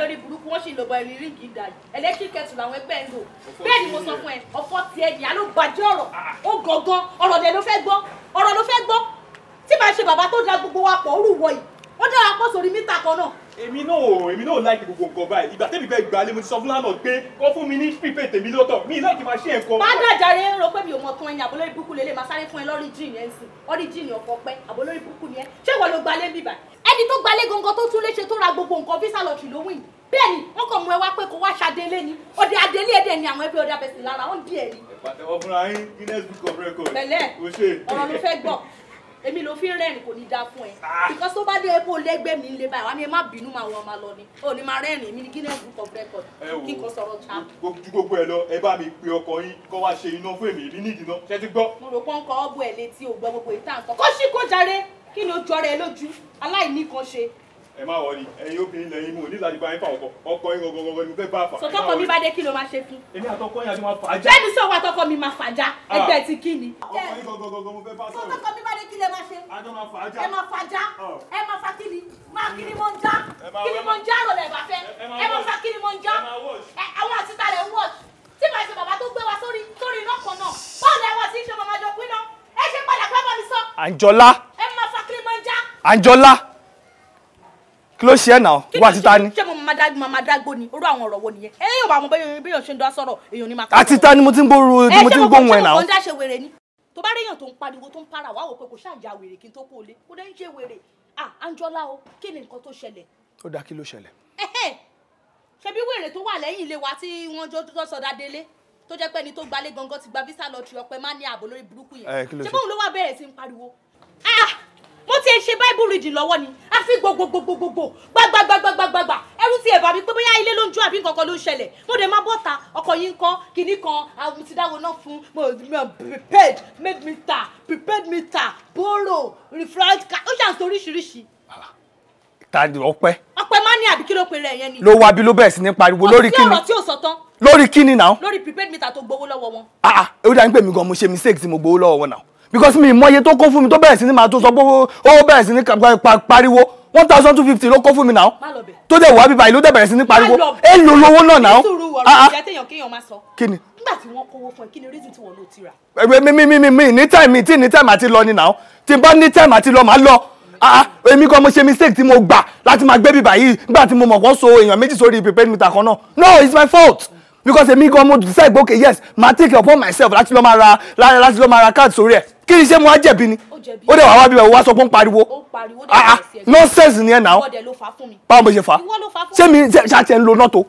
lórí burúkú wọn ṣì lò bọ ẹni rí gíga yìí electric kettle làwọn ẹgbẹ́ ń lò bẹ́ẹ̀ ni mo sọ fún ẹ ọ̀fọ̀ tiẹ̀ ni alóbàjẹ́ ọ̀rọ̀ ah. ó gọ̀ọ̀gàn ọ̀rọ̀ dẹ̀ ló fẹ́ gbọ́ ọ̀rọ̀ ló fẹ́ gbọ́ tí màá ṣe bàbá tó da gbogbo wa pọ̀ ó rù wọ̀ yìí ó dára pọ̀ sórí mítà kan náà. èmi náà èmi náà láìkí gbogbo nǹkan báyìí ìgbà tẹ́mi fẹ́ gbà lé mo ti sọ fún lánàá pé kọ́ fún mi ní pípé tèmi lọ́tọ̀ mi láìkí máa ṣe nǹkan. bá dàjàre ń ro pé mi ò mọ̀ tán ẹni àbólórí burúkú lélẹ̀ máa sáré fún ẹ lórí jíìn yẹn sìn lórí jíìn ọkọ̀ pẹ́ àbólórí burúkú ni ẹ ṣé ìwọ ló gbalé bíbà ẹni tó gbalé gangan tó tún léṣe tó ra gbogbo nǹkan visa lọ tì lówìn bẹ́ẹ̀ ni wọ́n kàn mú ẹ wá pé kó wá ṣàdélé ni òde àdélé ẹ̀dẹ̀ ni àwọn ẹbí ọ̀dà bẹ̀sẹ̀ lára ó ń di ẹ̀ ni. ẹ pàtẹ́wọ́ fúnra yín Guinness Book of Records. pẹ̀lẹ́ ọ̀rọ̀ ló fẹ́ gbọ́ èmi ló fi ń rẹ́rìn kò ní dáa fún ẹ ah. because tó bá dé epo lẹ́gbẹ́ mi lé báyìí wá ní ẹ má bínú máa wọ́n máa lọ ni ó ní máa rẹ́rìn mi ní guinness book of record kí n kò sọ̀rọ̀ já. ju gbogbo ẹ lọ ẹ bá mi pe ọkọ yín kó wá ṣe iná fún èmi èmi nídìí náà ṣe ti gbọ́. mo rò pọ́n kọ ọ́bù ẹ̀ létí ò gbọ́ gbogbo ìtàn kọ́ sí kó jàre kí ni ó jọra ẹ lójú aláìníkanṣe ẹ má wọrí ẹ̀yin obìnrin lẹ́yìn mú nígbà tí báyìí fà ọkọ ọkọ yín gọgọgọgọ ni mo fẹ́ bá fà. sọtọkọ mi bá dé kí ló máa ṣe fún. èmi àtọkọ yín àti máa fà á já. bẹ́ẹ̀ni sọwọ àtọkọ mi máa fà á já ah. ẹgbẹ́ ti kí ni. ọkọ yín gọgọgọgọ mo fẹ́ bá sọ̀rọ̀. sọtọkọ mi bá dé kí lè máa ṣe. àjọ máa fà á já. ẹ máa fà á já ah. ẹ máa fa kíni máa kíni mo ń já kíni mo ń já rò lẹ́ẹ̀bà fẹ́ ẹ máa fa kíni mo ń já àwọn àti talẹ̀ ń wọ̀ṣ tí màá ṣe bàbá tó gbé wa sórí sórí iná kan náà bọ́ọ̀lù ẹ̀wọ̀n tí ń ṣe mọ̀mọ́jọ pín náà ẹ ṣe padà pẹ́ bọ́ mi sọ. Àǹjọ́lá. ẹ máa fa kíni mo ń já. Àǹjọ́lá kí ló ṣe ẹ náà wá títa ni. ṣé mo máa dágbó ni orú àwọn ọ̀rọ̀ wo nìyẹn ẹ yóò wá mo bẹ́ẹ̀ bí èèyàn ṣe ń dá sọ̀rọ̀ èèyàn ni máa. àti ta ni mo ti ń gbóru mo ti ń gbóhùn ẹ náà. ẹ ṣé mo kọ́ ṣé mo kọ́ ṣe wèrè ni tó bá réyàn tó ń pariwo tó ń para wàá wò pé kò ṣàjà wèrè kí n tó kó o lé kó dẹ́ ń ṣe wèrè ah Anjola o kí ni nǹkan tó ṣẹlẹ̀. ó dá kí ló ṣẹlẹ̀. tó jẹ́ pé ẹni tó gbalé gangan ti gba visa lọ ti ọpẹ má ní ààbò lórí burúkú yẹn ṣé bóun ló wà bẹ̀rẹ̀ sí ń pariwo mo ti ẹ ṣe bible reading lọ́wọ́ ni àfi gbogbogbogbogbò gbàgbàgbàgbàgbàgbà ẹrú ti ẹ̀bà mi pé bóyá ilé ló ń jó àbí nǹkan kan ló ń ṣẹlẹ̀ mo dẹ̀ máa bọ́ta ọkọ̀ yìí ń kọ́ kinní kan àwọn ti dáwọ́ náà fún mo prepared made me ta prepared me ta borrow refract car ó ṣàǹsọ oríṣiríṣi ah, ta ni ọpẹ. ọpẹ máa ń ní àbí kí ló pe rẹ yẹn ni. ló wá bí ló bẹ̀rẹ̀ sí ní pariwo lórí kíni. ọ̀sẹ̀ ọ̀rọ̀ tí ò sọ tán. lórí kíni náà. lórí prepared meter tó gbowó lọ́wọ́ wọn. ah ah ó dá ń pè mí gan mo ṣe mistake tí mo gbowó lọ́wọ́ wọn náà because mi ìmọye tó kó fún mi tó bẹ̀rẹ̀ sí ni màá tó sọ ó bẹ̀rẹ̀ sí ni pariwo one thousand two fifty ló kó fún mi náà tó dẹ̀ wá bíbá ìlú dẹ̀ bẹ̀rẹ̀ sí ni pariwo ẹ lò lówó náà náà. Ah, ah. kí ni. nígbà tí wọ́n kówó fún ẹ kí ni reason tí wọ́n lò ti rà. ẹgbẹ́ mi mi mi mi mi ní time mi tí ní time àti lọ ni náà tí n bá ní time àti lọ màá lọ ah, èmi kọ́ mo ṣe mistake tí mo gbà láti máa gbé bíbá yìí nígbà tí mo mọ̀ kó so èèyàn méjì sórí prepared meter kan náà no it's my fault because èmi gan mo decide okay yes ma take it upon myself láti lọ máa ra láti lọ máa ra card sórí ẹ̀ kí ni ṣé mo á jẹ̀bi ni ó dẹ̀ wá wá bíbẹ̀ wá sọ pé ń pariwo nọ́sẹ̀sì ah, ah, ni ẹ̀ náà báwo mo ṣe fà ṣé mi ṣàtẹ̀ ń lo nọ́tò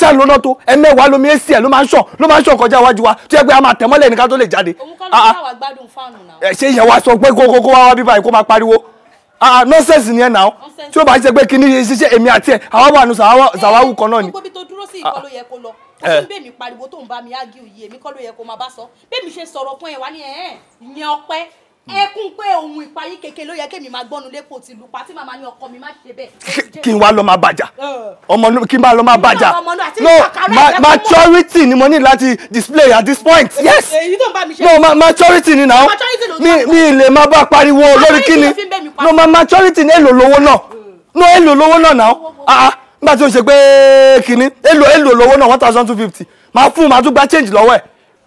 ṣé ń lo nọ́tò ẹ mẹ́wàá lomi èsì ẹ̀ ló máa ń sàn ló máa ń sàn kọjá iwájú wa tó yẹ pé a máa tẹ̀ nìkan tó lè jáde ah, ṣé ìyẹn wa sọ pé kókó wá wá bíbẹ̀ kó máa pariwo ah nonsense ni ẹ na o tí o bá ṣe pé kí ni ṣiṣẹ́ èmi àti ẹ àwa wà nù sàwáwù eh, kan náà ni. gbogbo ibi tó dúró sí ìkọlù yẹ kó lọ ó sì eh. bẹ́ẹ̀ mi pariwo tó ń bá mi ági òye èmi kọ́ ló yẹ kó máa bá sọ bẹ́ẹ̀ ṣe sọ̀rọ̀ fún ẹ wá ní ẹ̀ẹ́n ìyẹn ọpẹ́ hmm. ẹkún pé ohun ìparí keke ló yẹ kémi máa gbọ́nu lẹ́kọ̀ọ́ ti lupa tí màmá ní ọkọ mi má ṣe bẹ́ẹ̀. kí n wá lọ máa bàjá eh. ọmọ kí n bá lọ máa bàjá no maturity ni mo ní láti display at this point yes no maturity ni now mi mi lè má bá pariwo lórí kíni no maturity ni èlò lówó náà hmm. no èlò lówó náà now ah ah nígbà tí ó ń ṣe pé kínní èlò èlò lówó náà one thousand two fifty máa fún máa tún gba change lọ́wọ́ ẹ̀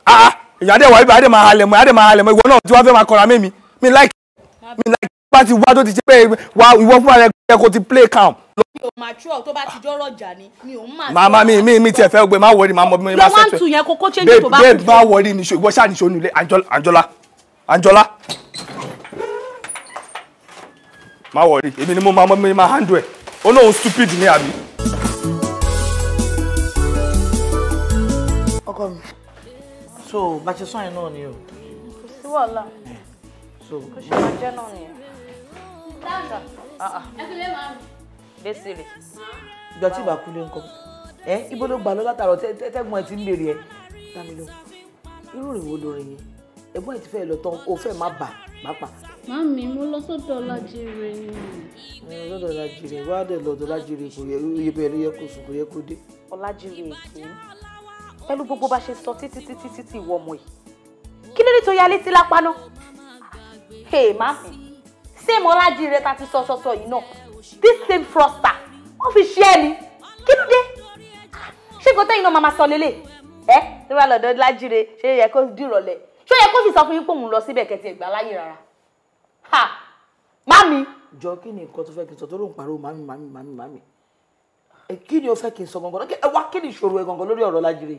ah, ah ìyá dẹ̀ wá ibà á dẹ̀ máa halẹ̀ mọ́ ìyá dẹ̀ máa halẹ̀ mọ́ ìwọ náà tí wàá fẹ́ máa kọra mẹ́mi mi like mi like bá ti wá tó ti ṣe pé wá ìwọ fún ara ẹ kò ti play calm. mi ò mature tó bá ti jọ́rọ̀ jà ni mi ò máa. màmá mi mi mi tiẹ̀ fẹ́ gbé má wọrí má mọ bí mo bá ṣe tẹ̀. lọ́wọ́ àǹtù yẹn kókó change tó bá kú. babe má wọrí níṣó ìwọ ṣáà níṣó nílé Anjola Anjola má wọrí èmi ni mo máa handle ẹ̀. Oh no! stupid ní àbí. ọkọ mi so bá ṣe sàn yẹn náà ni o. sí wàhálà so bó ṣe máa jẹ́ náà nìyẹn. bẹ́sẹ̀ rẹ̀. ìjọ tí ìbá kúlé ńkọ́ ẹ ibo ló gbà lọ látàrọ tẹ́gbọ́n ẹ ti ń béèrè ẹ dá mi lọ irú rèé wo lórí yẹn ẹ̀gbọ́n ẹ̀ ti fẹ́ lọ tán o fẹ́ má bà pápá. màmí mo lọ sọ́dọ̀ ọlájire ni. lọ́dọ̀ ọlájire wá dẹ̀ lọ́dọ̀ ọlájire kò yẹ iye ló yẹ kó sùn kò yẹ kó dé. ọlájire èké pẹ̀lú gbogbo bá ṣe sọ títí títí títí ìwọ ọmọ yìí kí ló dé tó yálé sí lápá náà. hey màmí same ọlájire ta ti sọ sọsọ yìí náà this same froster wọ́n fi ṣe ẹni kí ló dé ṣé kò tẹ́yìn náà máa ma sọ lélẹ̀ ẹ́ ló wà lọ́dọ̀ ọlájire ṣe yẹ kó dìrọ̀lẹ́ ṣó yẹ kó sì sọ fún yín pé òun lọ síbẹ̀ kẹ́tì ẹ̀gbá láyè rárá ha mami. jọ kí ni nǹkan tó fẹ́ kí n sọ tó ló ń pariwo mami mami mami mami ẹ kí ni o fẹ́ kí n sọ gangan ẹ wá kí ni ìṣòro ẹ gangan lórí ọ̀rọ̀ Lájírè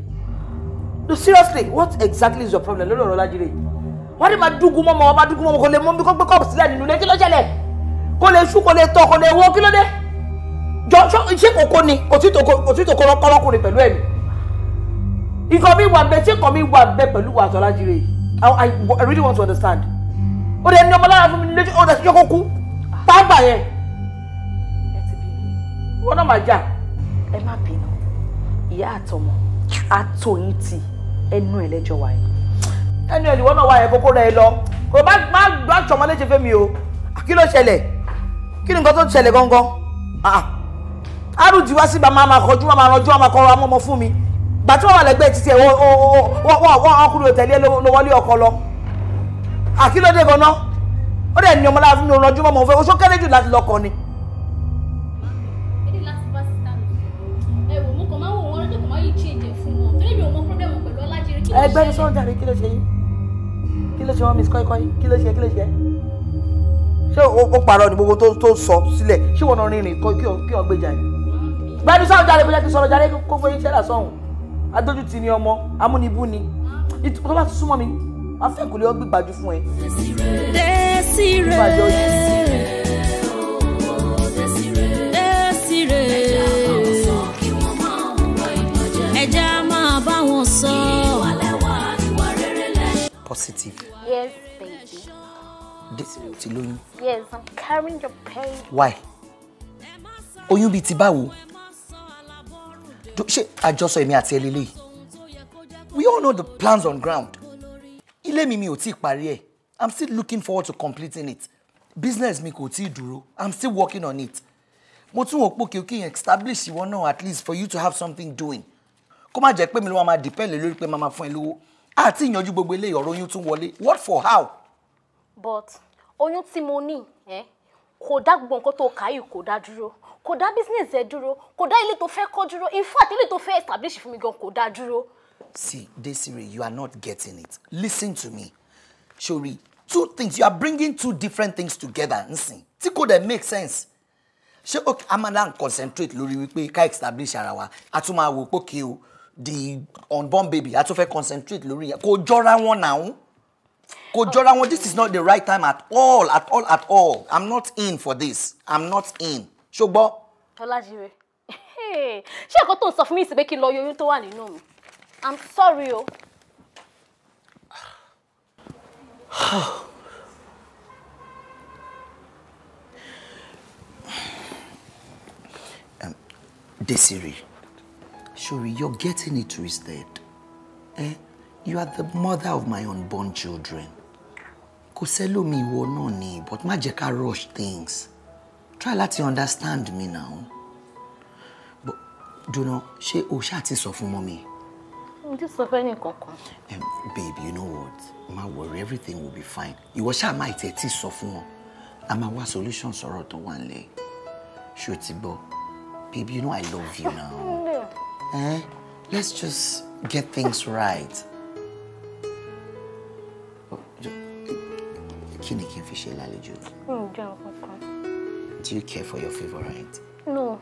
no seriously what exactly is your problem lórí ọ̀rọ̀ Lájírè wọ́n ní máa dúgun mọ́mọ́ wọ́n máa dúgun mọ́mọ́ kò lè mú mi kó gbé kọ́ọ̀pù sílẹ̀ nínú ilé kí ló ṣẹlẹ̀ kò lè ṣú kò lè tọ̀ kò lè wọ́ kí ló dé jọ ṣé kòkó ni kò tí tòkó lọ́kọ́lọ́kùnrin pẹ̀lú ẹ̀mí ìkọ̀ mi wà bẹ́ẹ̀ tí ìkọ̀ mi wà bẹ́ẹ̀ pẹ̀lú wàtọ́ Lájírè yìí I, I, really want to understand. ó dẹ̀ ní ọmọlára fún mi ní lójú ó dẹ̀ sọ́jọ́ kó kú pàápàá yẹn. ẹ ti bí mi. wọn náà máa jà. ẹ má bínú ìyá àtọmọ àtọyìn ti ẹnu ẹ lẹjọ wáyé. ẹnu ẹ lìwọ́n náà wáyé kókó rẹ lọ kò bá má gbọ́ àtọmọ léṣe fẹ́ mi o kí ló ṣẹlẹ̀ kí ni nǹkan tó ṣẹlẹ̀ gangan. àrùn ah, ah. jìwá sí bàmá máa kọjú máa rọjú máa kọrọ amọ́mọ fún mi gbàtí wọn wà lẹ́gbẹ̀ẹ́ títí ẹ wọn ọkùnrin ò tẹ̀lé lọ́wọ́lé ọkọ lọ àkílódé ganan ó dẹ̀ ní ọmọlára fún mi òun ọjọ́ mọ́ fẹ́ oṣù kẹ́lẹ́ jù láti lọ́kọ ni. ẹgbẹ́ ní sọ́ńdà rẹ kí ló ṣe yín kí ló ṣe wọ́n mi kọ́ikọ́ yín kí ló ṣe kí ló ṣe ṣé o parọ́ ni gbogbo tó sọ sílẹ̀ ṣé wọ́n rìnrìn kí o gbé jà yín gbẹ́ni sọ́ńdà rẹ kó jẹ́ kí sọ̀rọ̀ jà rẹ kó fún yín ṣẹ́lá sọ́hùn adójútì ni ọmọ amúnibú ni tó bá súnmọ́ mi máa fẹ́ kò lè ọ́ gbígbàjú fún ẹ. Desire Desire ẹja máa bá wọn sọ. Positive. Yes, baby. Desire ti lóyún. Yes, I'm carrying your baby. Why? Oyún bíi ti báwo? tó ṣe àjọsọ èmi àti ẹlẹ́lẹ́ yìí we all know the plans on ground ilé mi mi ò tí ì parí ẹ̀ i'm still looking forward to completing it business mi kò tí ì dúró i'm still working on it mo tún wò pé kí o kí n establish ìwọ náà at least for you to have something doing kó má jẹ́ pé mi ló wá máa depend lórí pé màmá fún ẹ lówó àti ìyanjú gbogbo eléyìí ọ̀rọ̀ oyún tún wọlé what for how. but oyún tí mo ní eh, kò dá gbogbo nǹkan tó kà yìí kò dá dúró kò dá business ẹ dúró kò dá ilé tó fẹ́ kọ́ dúró in fact ilé tó fẹ́ establish fún mi gan kò dá dúró. see Desiree, you are not getting it listen to me sori two things you are bringing two different things together nsin tí kò dẹ̀ make sense ṣé o a máa concentrate lórí wípé ká establish ara wa a tún máa wò o the unborn baby a tún concentrate lórí yẹn kò jọra wọn náà kò jọra wọn this is not the right time at all at all at all i'm not in for this i'm not in ṣùgbọ́n. Tọ́lájire ṣé ẹ̀kọ́ tó ń sọ fún mi sí pé kí n lọ yọyún tó wà nínú mi I'm sorry o. um, Desiree, Shuri, you're getting it twisted. Eh? You are the mother of my unborn children. Kò sẹ́lómi ìwọ náà ni but má jẹ́ ká rush things try láti understand me now but dùnà ṣé o ṣáà ti sọ fún mọ́ mi. mo ti sọ fẹ́ni kankan. babe you know what má worry everything will be fine ìwọ ṣáà má ìtẹ̀ tí sọ fún wọn a máa wá solution sọ̀rọ̀ tó wà nílẹ̀ ṣó ti gbọ́ Baby, you know I love you now eh? let's just get things right. kí ni kí n fi ṣe lálejò. ǹjẹ́ nǹkan. Do you care for your favorite? No.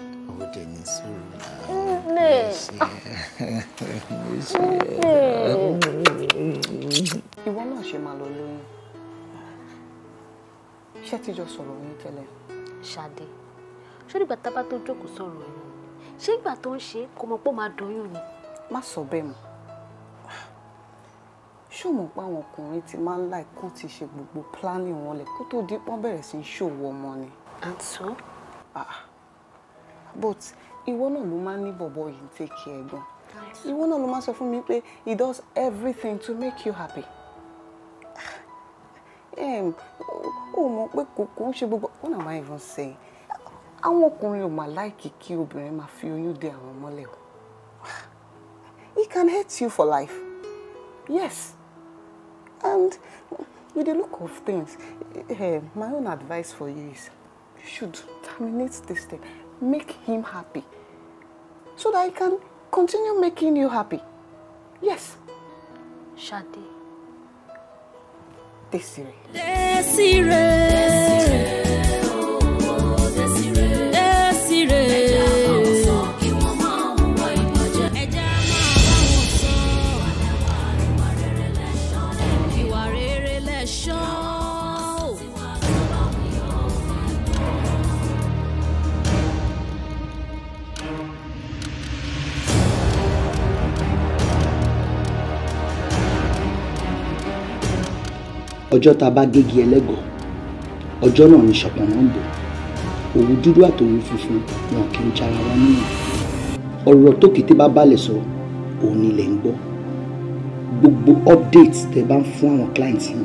Oh, Dennis. Ìwọ No. ṣe máa lọ lóyún. Ṣé ti jọ sọ̀rọ̀ yín tẹ́lẹ̀? Ṣadé, ṣó nígbà tábà Shadi. jókòó sọ̀rọ̀ yín? Ṣé ìgbà tó ń ṣe kò mọ̀ pé ó máa doyún ni? Má ṣùgbọ́n pé àwọn ọkùnrin ti máa ń láì kán ti ṣe gbogbo planning wọn lẹ̀ kó tó di pọ́n bẹ̀rẹ̀ sí í ṣòwò ọmọ ni. and so. ah but ìwọ náà ló máa ń ní bọ̀bọ̀ yìí ń take care gan ìwọ náà ló máa ń sọ fún mi pé he does everything to make you happy. ó mọ̀ pé kò kò ń ṣe gbogbo what am my, even saying àwọn ọkùnrin ò mà láìkì kí obìnrin máa fi oyún de àwọn mọ́lẹ̀ o he can hate you for life yes. And with the look of things, uh, my own advice for you is you should terminate this thing. Make him happy so that he can continue making you happy. Yes. Shadi. Desiree. Desiree. ọjọ́ tá a bá gégi ẹlẹ́gọ̀ọ́ ọjọ́ náà ni ṣọ̀pọ̀nà ń bọ̀ òwú dúdú àtòwú funfun wọn kì í jara wọn níyàn ọ̀rọ̀ tó kété bá balẹ̀ sọ òun ni ilẹ̀ ń gbọ́ gbogbo update tẹ bá ń fún àwọn client yìí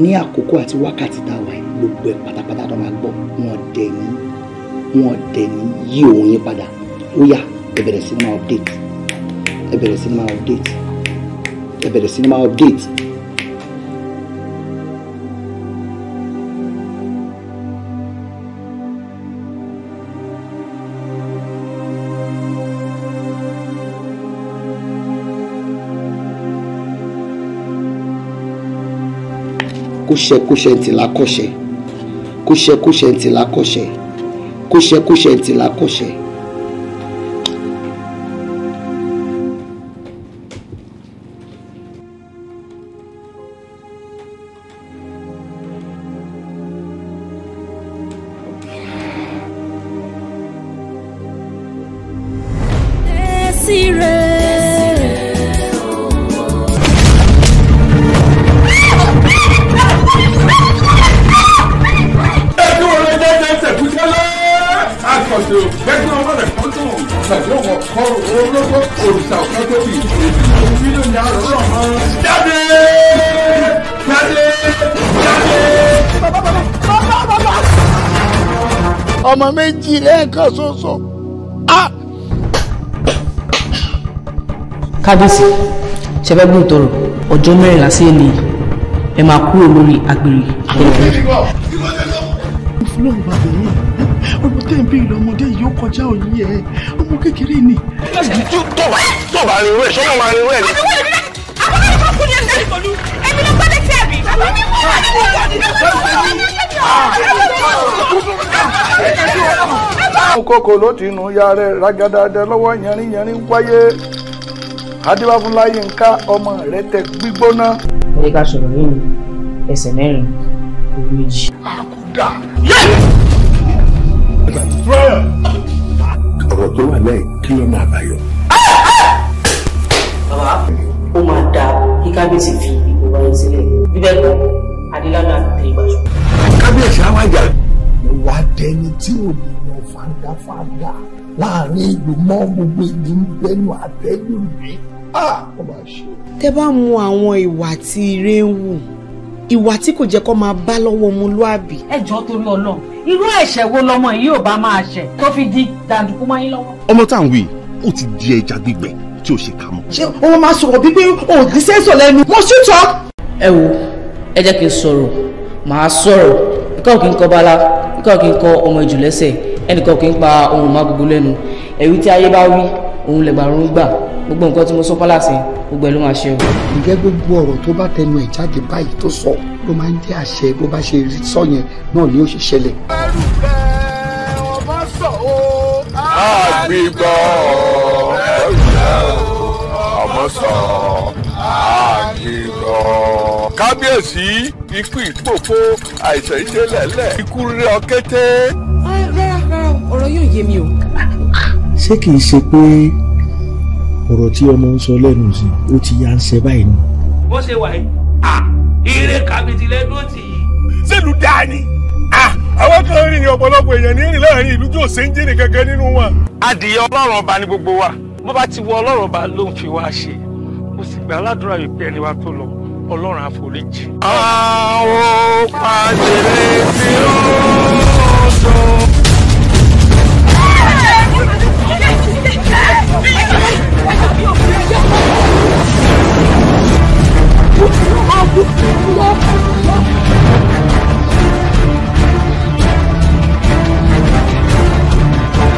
ní àkókò àti wákàtí tá a wà yìí gbogbo ẹ̀ pátápátá tó máa gbọ́ wọn dẹ̀ ní wọn dẹ̀ ní yí òun yín padà ó yá ẹ bẹ̀rẹ̀ sí ní máa update ẹ bẹ̀rẹ̀ sí ní máa update ẹ bẹ̀rẹ̀ sí ní máa update. kóṣẹ kóṣẹ ntìlá kọṣẹ kóṣẹ kóṣẹ ntìlá kọṣẹ kóṣẹ kóṣẹ ntìlá kọṣẹ. kábíyèsí ṣẹfẹ́gbọ́n tọrọ ọjọ́ mẹ́rìnlá sí èlé ẹ máa kúrò lórí agbèrè ọlọ́run bá bẹ̀rẹ̀ ọmọ tẹ́ ń bèèrè ọmọdé yìí ó kọjá òyìn ẹ̀ ọmọ kékeré ni. tọ́wà tọ́wà ni wẹ́ẹ̀ sọ́wọ́ wa ni wẹ́ẹ̀ ni. àwọn ọmọ kò ní ẹ̀sẹ̀ ìkọlù ẹ̀mí ló gbọ́dọ̀ tẹ̀ mí. kókó ló ti nù ya rẹ̀ rágádá dẹ lọ́wọ́ yẹrin yẹrin wáyé adébáfúnláyé nká ọmọ rẹ tẹ gbígbóná. ẹ ká sọ̀rọ̀ lẹ́yìn ẹsẹ̀ mẹ́rin òru méjì. àkùdà ọ̀rọ̀ tó wà lẹ́yìn kí ló máa bàyọ̀. bàbá ó máa da kí fi ìbò wáyé sílẹ̀ bíbẹ̀ kọ́ adélábà tẹ̀ ìgbàsọ. kábíyèsí á wájà. mo wá dẹni tí ò ní lọ fàdáfàdá láàrin ìlú gbogbo ìlú ń bẹnu àtẹ́lù mi. Ah! tẹ bá mu àwọn ìwà tí ire ń wù ìwà tí kò jẹ́ kó máa bá lọ́wọ́ ọmọlúàbí. ẹ jọ̀ọ́ torí Ọlọ́run irú ẹ̀ṣẹ̀ wo lọmọ yìí ò bá máa ṣẹ̀ tó fi di dàǹdùkú mọ́ yín lọ́wọ́. ọmọ tá à ń wí ó ti di ẹja gbígbẹ tí ó ṣe kà mọ. ṣé o máa sọ̀rọ̀ bí pé o ò ní sẹ́sọ̀ lẹ́nu. mo ṣì tọ́. ẹ wo ẹ jẹ́ kí n sọ̀rọ̀ màá sọ̀rọ̀ ikọ̀ kì í kọ bala ikọ̀ kì í kọ ọmọ ìjù lẹ́sẹ̀ ẹnìkan kì í pa ohun máa gbogbo lẹ́nu ẹ̀rí tí ayé bá wí òun lẹ̀gbà rún gbà gbogbo nǹkan tí mo sọ pálàsì gbogbo ẹ̀ ló máa ṣe o. ǹjẹ́ gbogbo ọ̀rọ̀ tó bá tẹnu ẹ̀ jáde báyìí tó sọ ló máa ń jẹ́ àṣẹ bó bá ṣe rí sọ yẹn náà ni ó ṣe ṣẹlẹ̀. ẹrù rẹ ọmọ sọ o kábíyèsí ikú ìpòpò àìsàn ìṣẹ̀lẹ̀ lẹ ikú rírẹ ọkẹtẹ. ọ̀rọ̀ yóò yé mi o ṣé kìí ṣe pé ọ̀rọ̀ tí ọmọ ń sọ lẹ́nu sí ó ti yá ń ṣe báyìí ni. bó ṣe wà yìí ire kàbìtì lẹ́dún tì í. sílùú dáa ni àwọn kan rìn ní ọ̀pọ̀lọpọ̀ èèyàn ní rìn láàrin ìlú tí ò ṣe ń jìnnì gẹ́gẹ́ nínú wa. adìyẹ ọlọ́run ọba ni gbogbo wa bó bá ti wọ ọlọ́run ọba ló ń fi wá ṣe mo sì gbà ládùúrà yìí pé ẹni wa tó lọ ọlọ́run àforíjì. àwọn pàṣẹ tí ó ń sọ.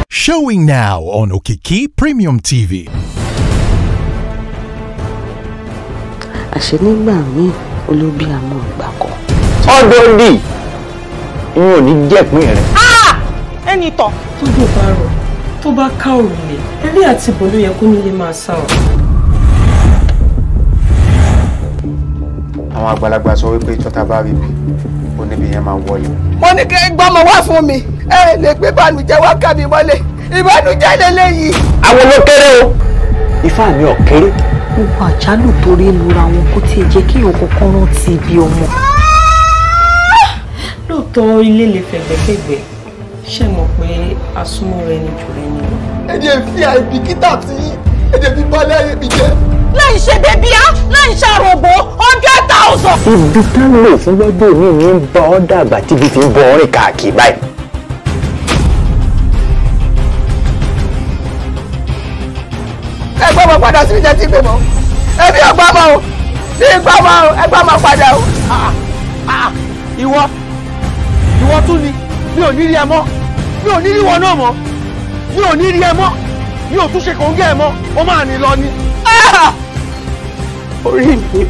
Showing now on Okiki Premium TV. Àṣé nígbà míì olóbi àmọ́ ìgbà kan. Ọdún dì, n ò ní jẹ̀pín rẹ̀. Ah! Ẹni tọ̀. Tójú bá rọ̀, tó bá ká òrùlé, eré àti bòlú yẹ kó nílé máa sá ọ. àwọn àgbàlagbà sọ wípé ìjọta bá rí bi oníbi yẹn máa wọlé. mo ní kí gbọ́mọ wá fún mi ẹ lè gbé ìbànújẹ́ wá ká mi mọ́lẹ̀ ìbànújẹ́ lélẹ́yìí. àwọn ló kéré o ifá mi ò kéré. gbogbo àjálù torí lura wọn kó tiẹ̀ jẹ́ kí òkú kan rántí ibi ọmọ. lóòótọ́ ilé lè fẹ̀gbẹ́kẹ̀gbẹ́ ṣe mọ̀ pé asúnmọ́ rẹ ni jù rẹ ni. ẹ jẹ́ fi àìbìkítà tí ẹ jẹ́ fi balẹ̀ ayé mi jẹ́. láì ṣe bébíá láì ṣàròbó ọjọ́ thousand. ibi tá ń lò fún gbẹ́gbẹ́ mi ni ń bọ ọ́ dàgbà tíbi fi ń bọ ọ́ rìn káàkiri báyìí. ẹgbẹ́ ọmọ padà sí ìjẹ́ tí ń gbẹmọ ẹbí ọgbà ọmọ o bí ìgbà ọmọ o ẹgbẹ́ ọmọ padà o. Ah, ah, ìwọ ìwọ tún ni mi ò ní rí ẹ mọ́ mi ò ní rí wọn náà mọ́ mi ò ní ẹ mọ́ mi ò tún ṣe kòńgẹ́ ẹ mọ́ ó máa ní lọ ni. Ah! orí mi.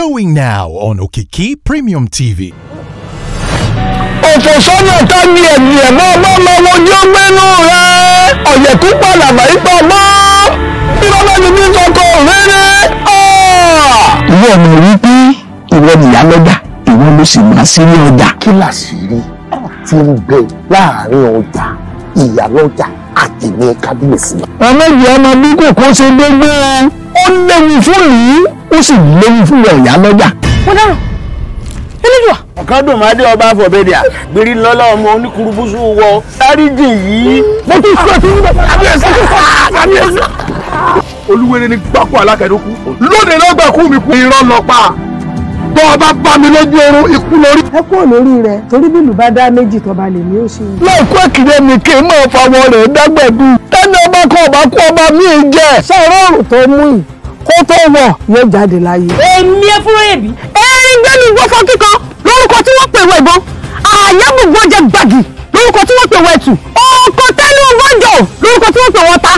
Showing now on Okiki Premium TV. òfòsọ́nà tábí ẹ̀dì ẹ̀mọ́ ọlọ́mọ ojú gbẹ́nu rẹ̀ ọ̀yẹ̀kú pàlàbà ipa mọ́ bí wọ́n bá ti rere. ìwé ọmọ wípé ìwọ nìyá lọ́jà ìwọ ló sì máa sí ní ọjà. kí làṣírí ti ń bẹ láàrin ọjà ìyá lọ́jà àti kábíyèsí. ọmọ ìyá ọmọ bí kò kó ṣe dégbé ó léwu fún yìí ó sì léwu fún ìwà ìyá lọ́jà. wọ́n dárò elédùà. ọ̀kan dùn máa dé ọba àfọ̀bẹ́dẹ́à gbèrè lọ́lá ọmọ oníkurubúsù wọ sáríjì yìí. mo tún sọ ti wúlò kábíyèsí kábíyèsí. olúwere ni gbáko alákẹ́dókú lóde lọ́gbàkú mi kú irọ́ lọ pa tó ọba bá mi lójú oorun ikú lórí. ẹ kúrò lórí rẹ torí bí ìlú bá dá méjì tọba lè ní òṣì. láìkú èkìrẹ mi kì í mọ̀ fáwọn rẹ̀ dágbẹ̀dù. tẹ́ni ọba kan ọba kú ọba mi jẹ́. sọ̀rọ̀ òrùn tó mú yìí kó tó wọ̀ yóò jáde láyé. èmi ẹ fúnra èbí. erin gbẹ́mi gbọ́ fọ́ kíkan lórúkọ tí wọ́n pè wọ ìbọn àyàbùgbọ́n jẹ gbàgì lórúkọ tí wọ́n pè wọ ẹ̀tù ọkọ̀ tẹ́lẹ̀ ọgọ́jọ lórúkọ tí wọ́n pè wọ ta.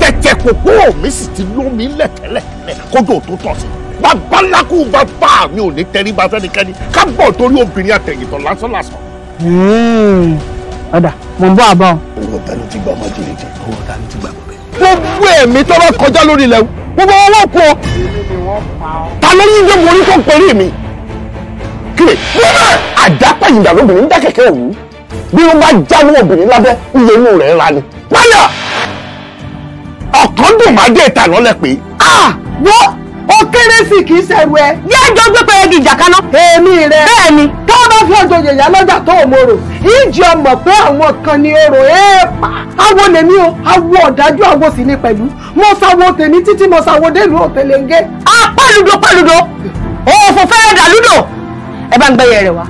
tẹ̀tẹ̀ kòkó mi sì ti lómi lẹ̀kẹ́lẹ̀kẹ́lẹ̀ kójú òtún tọ̀ sí babaláku bàbá mi ò ní tẹríba fẹ́nikẹ́ni ká bọ̀ torí obìnrin àtẹ̀yìntàn lásán lásán. Hmm ọ̀dà mò ń bọ́ àbá o. ọwọ́ ọ̀tá ló ti gbà ọmọ jèrè jẹ ọwọ́ ọ̀tá ló ti gbà ọmọ bẹ́ẹ̀. gbogbo ẹ̀mí tó bá kọjá lórí ilẹ̀ gbogbo owó kù ọ. ta ló ní ìjọba orí kan pẹ̀lú mi. kílè àdápẹ́ ìdà lóbìnrin dá kẹ̀kẹ́ òwú bí wọ́n bá já mọ́ obìnrin lábẹ́ iye inú rẹ̀ ra ni. wáyà ọ̀kan dùn má dé ìtànà lẹ pé. wọ́n ó kéré sí kì í ṣẹ̀rù ẹ. yá jọ gbé pẹ́ẹ́gì ìjà kaná. èmi rẹ. bẹ́ẹ̀ ni fi ọjọ́ yẹ̀yà lọ́jà tó o mòrò ìjì ọmọ pé àwọn kan ni orò èèpà awo lèmi o awo ọ̀dájú awo sì ni pẹ̀lú mo sawo tèmi títí mo sawo délùú òtẹ̀lẹ̀ngé. a pàlùdò pàlùdò òfò fẹ́rẹ̀ dàlúdò ẹ bá ń gbẹ́yẹ rẹ wá.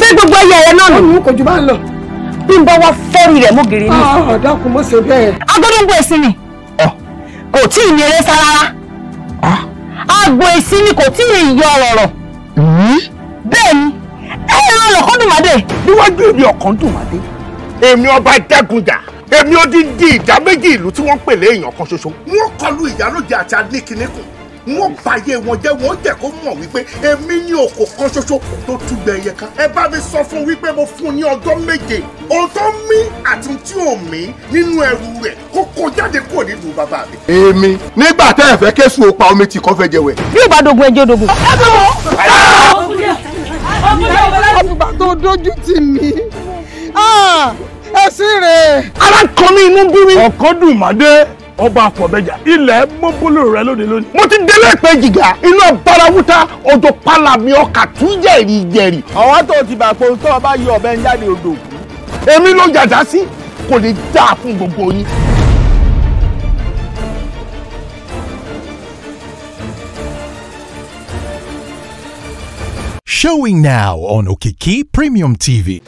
ṣé gbogbo ẹyẹ rẹ náà nù. ọ̀nà kò jù bá ń lọ. bí n bá wá fẹ́rù rẹ̀ mú gèrè ní. ọ̀dàkùn mo ṣe bẹ́ẹ̀. agbọ́dọ̀ ń bọ̀ ẹ̀sìn ni kò tí ì ní eré sára rárá agbo èsì ni kò tí ì yọ ọ̀rọ̀ bẹ́ẹ̀ ni ẹ ẹran lọ́kàndùnmáde. níwájú èmi ọ̀kàndùnmáde èmi ọba jágunjà èmi ó dín di ìdá méjì ìlú tí wọ́n ń pèlè èèyàn kan ṣoṣo. wọ́n kọlu ìyálòjì àti adínkìnnìkùn wọ́n bàyẹ̀ wọn jẹ́ wọ́n jẹ́ kó mọ̀ wípé èmi ní òkò kan ṣoṣo tó túgbẹ̀ ẹyẹ ká. ẹ bá mi sọ fún wípé mo fún un ní ọjọ́ méje ohun tó àti tí ò mí nínú ẹrù rẹ̀ kó kó jáde kúrò nínú bàbá mi. èmi nígbà tẹ́ ẹ fẹ́ kẹ́sùn òpa omi tì kọ́ fẹ́ jẹ wẹ̀. bí ìbádọ́gun dogun. ẹ bẹ̀ wọ́n. àgbà tó dojú tì mí ah, ẹ̀sìn rẹ̀. alákọ̀ọ́mí inú bí mi. ọ̀kọ́ dùn má dé ọba àfọ̀bẹ́jà ilẹ̀ mọ́bólú rẹ lónìí lónìí. mo ti délé pé jìgà iná barawúta ọjọ́ pálámì ọkà tún jẹ̀rì jẹ̀rì. ọ̀wá tó ti bàpọ̀ tó o bá yọ ọ̀bẹ ń jáde odò. èmi ló jàdá sí kò lè dáa fún gbogbo yín. Showing now on Okiki Premium TV.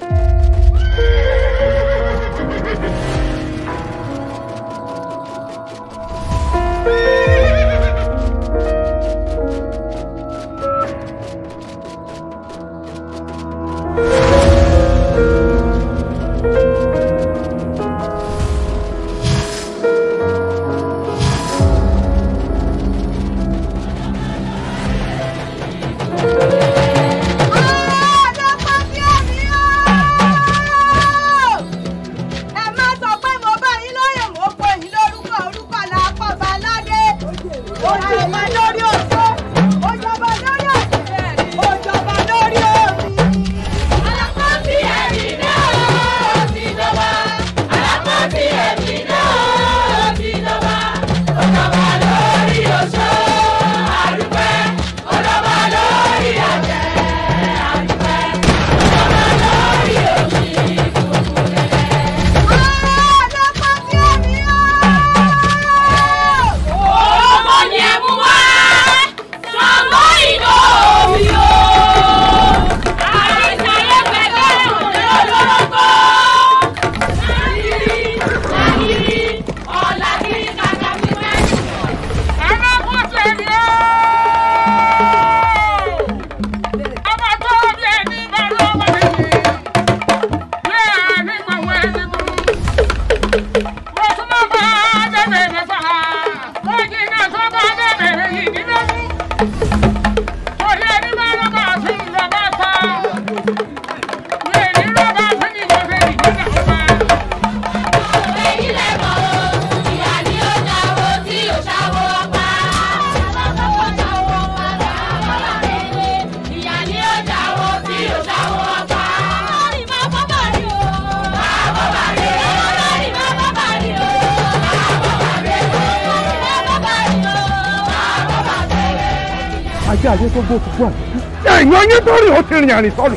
ẹ̀rìn sọnù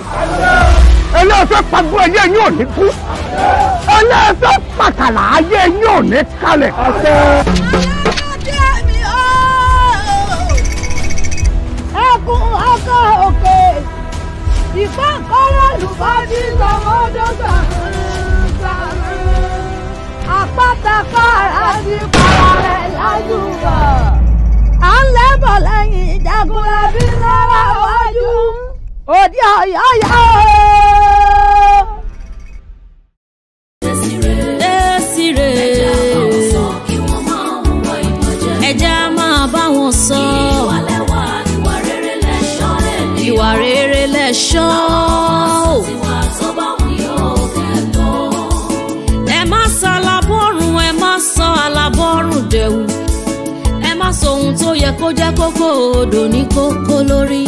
ẹlẹ́sẹ̀ pàgbó ẹyẹ yín ò ní kú ẹlẹ́sẹ̀ pàkàlà ayé yín ò ní kalẹ̀. ẹkùn ọkọ òkè ìfọ̀kọ́rọ̀ lùbọ́dí lọ́mọdọ́gba àpáta kára ti para rẹ̀ láyùbọ̀ à ń lẹ́bọ̀ lẹ́yìn ìjagunlẹ̀ bí lára wájú òdi ọ̀yà ọ̀yà ooo. Desire ẹ jẹ́ á máa bá wọn sọ ìwà rere lẹ̀ṣọ́ ẹ má sọ alábọ́rùn ẹ má sọ alábọ́rùn dẹ̀wù ẹ má sọ ohun tó yẹ kó jẹ́ kókó odò ní kókó lórí.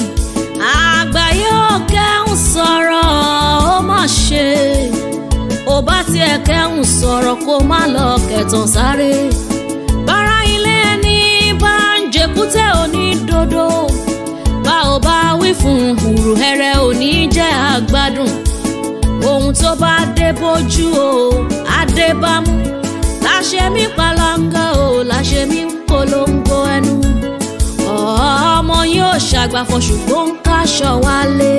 yẹ kẹ́hùn sọ̀rọ̀ kó má lọ kẹ̀tàn sáré. bára ilé ẹni bá ń jẹkútẹ́ onídodo bá ò bá wí fún hùrù hẹrẹ òní jẹ́ àgbádùn. ohun tó bá dé bójú o adébámú láṣẹ mi palanga o láṣẹ mi polongo ẹnu. ọmọ yóò ṣàgbàfọ̀ ṣùgbọ́n ń káṣọ wálé.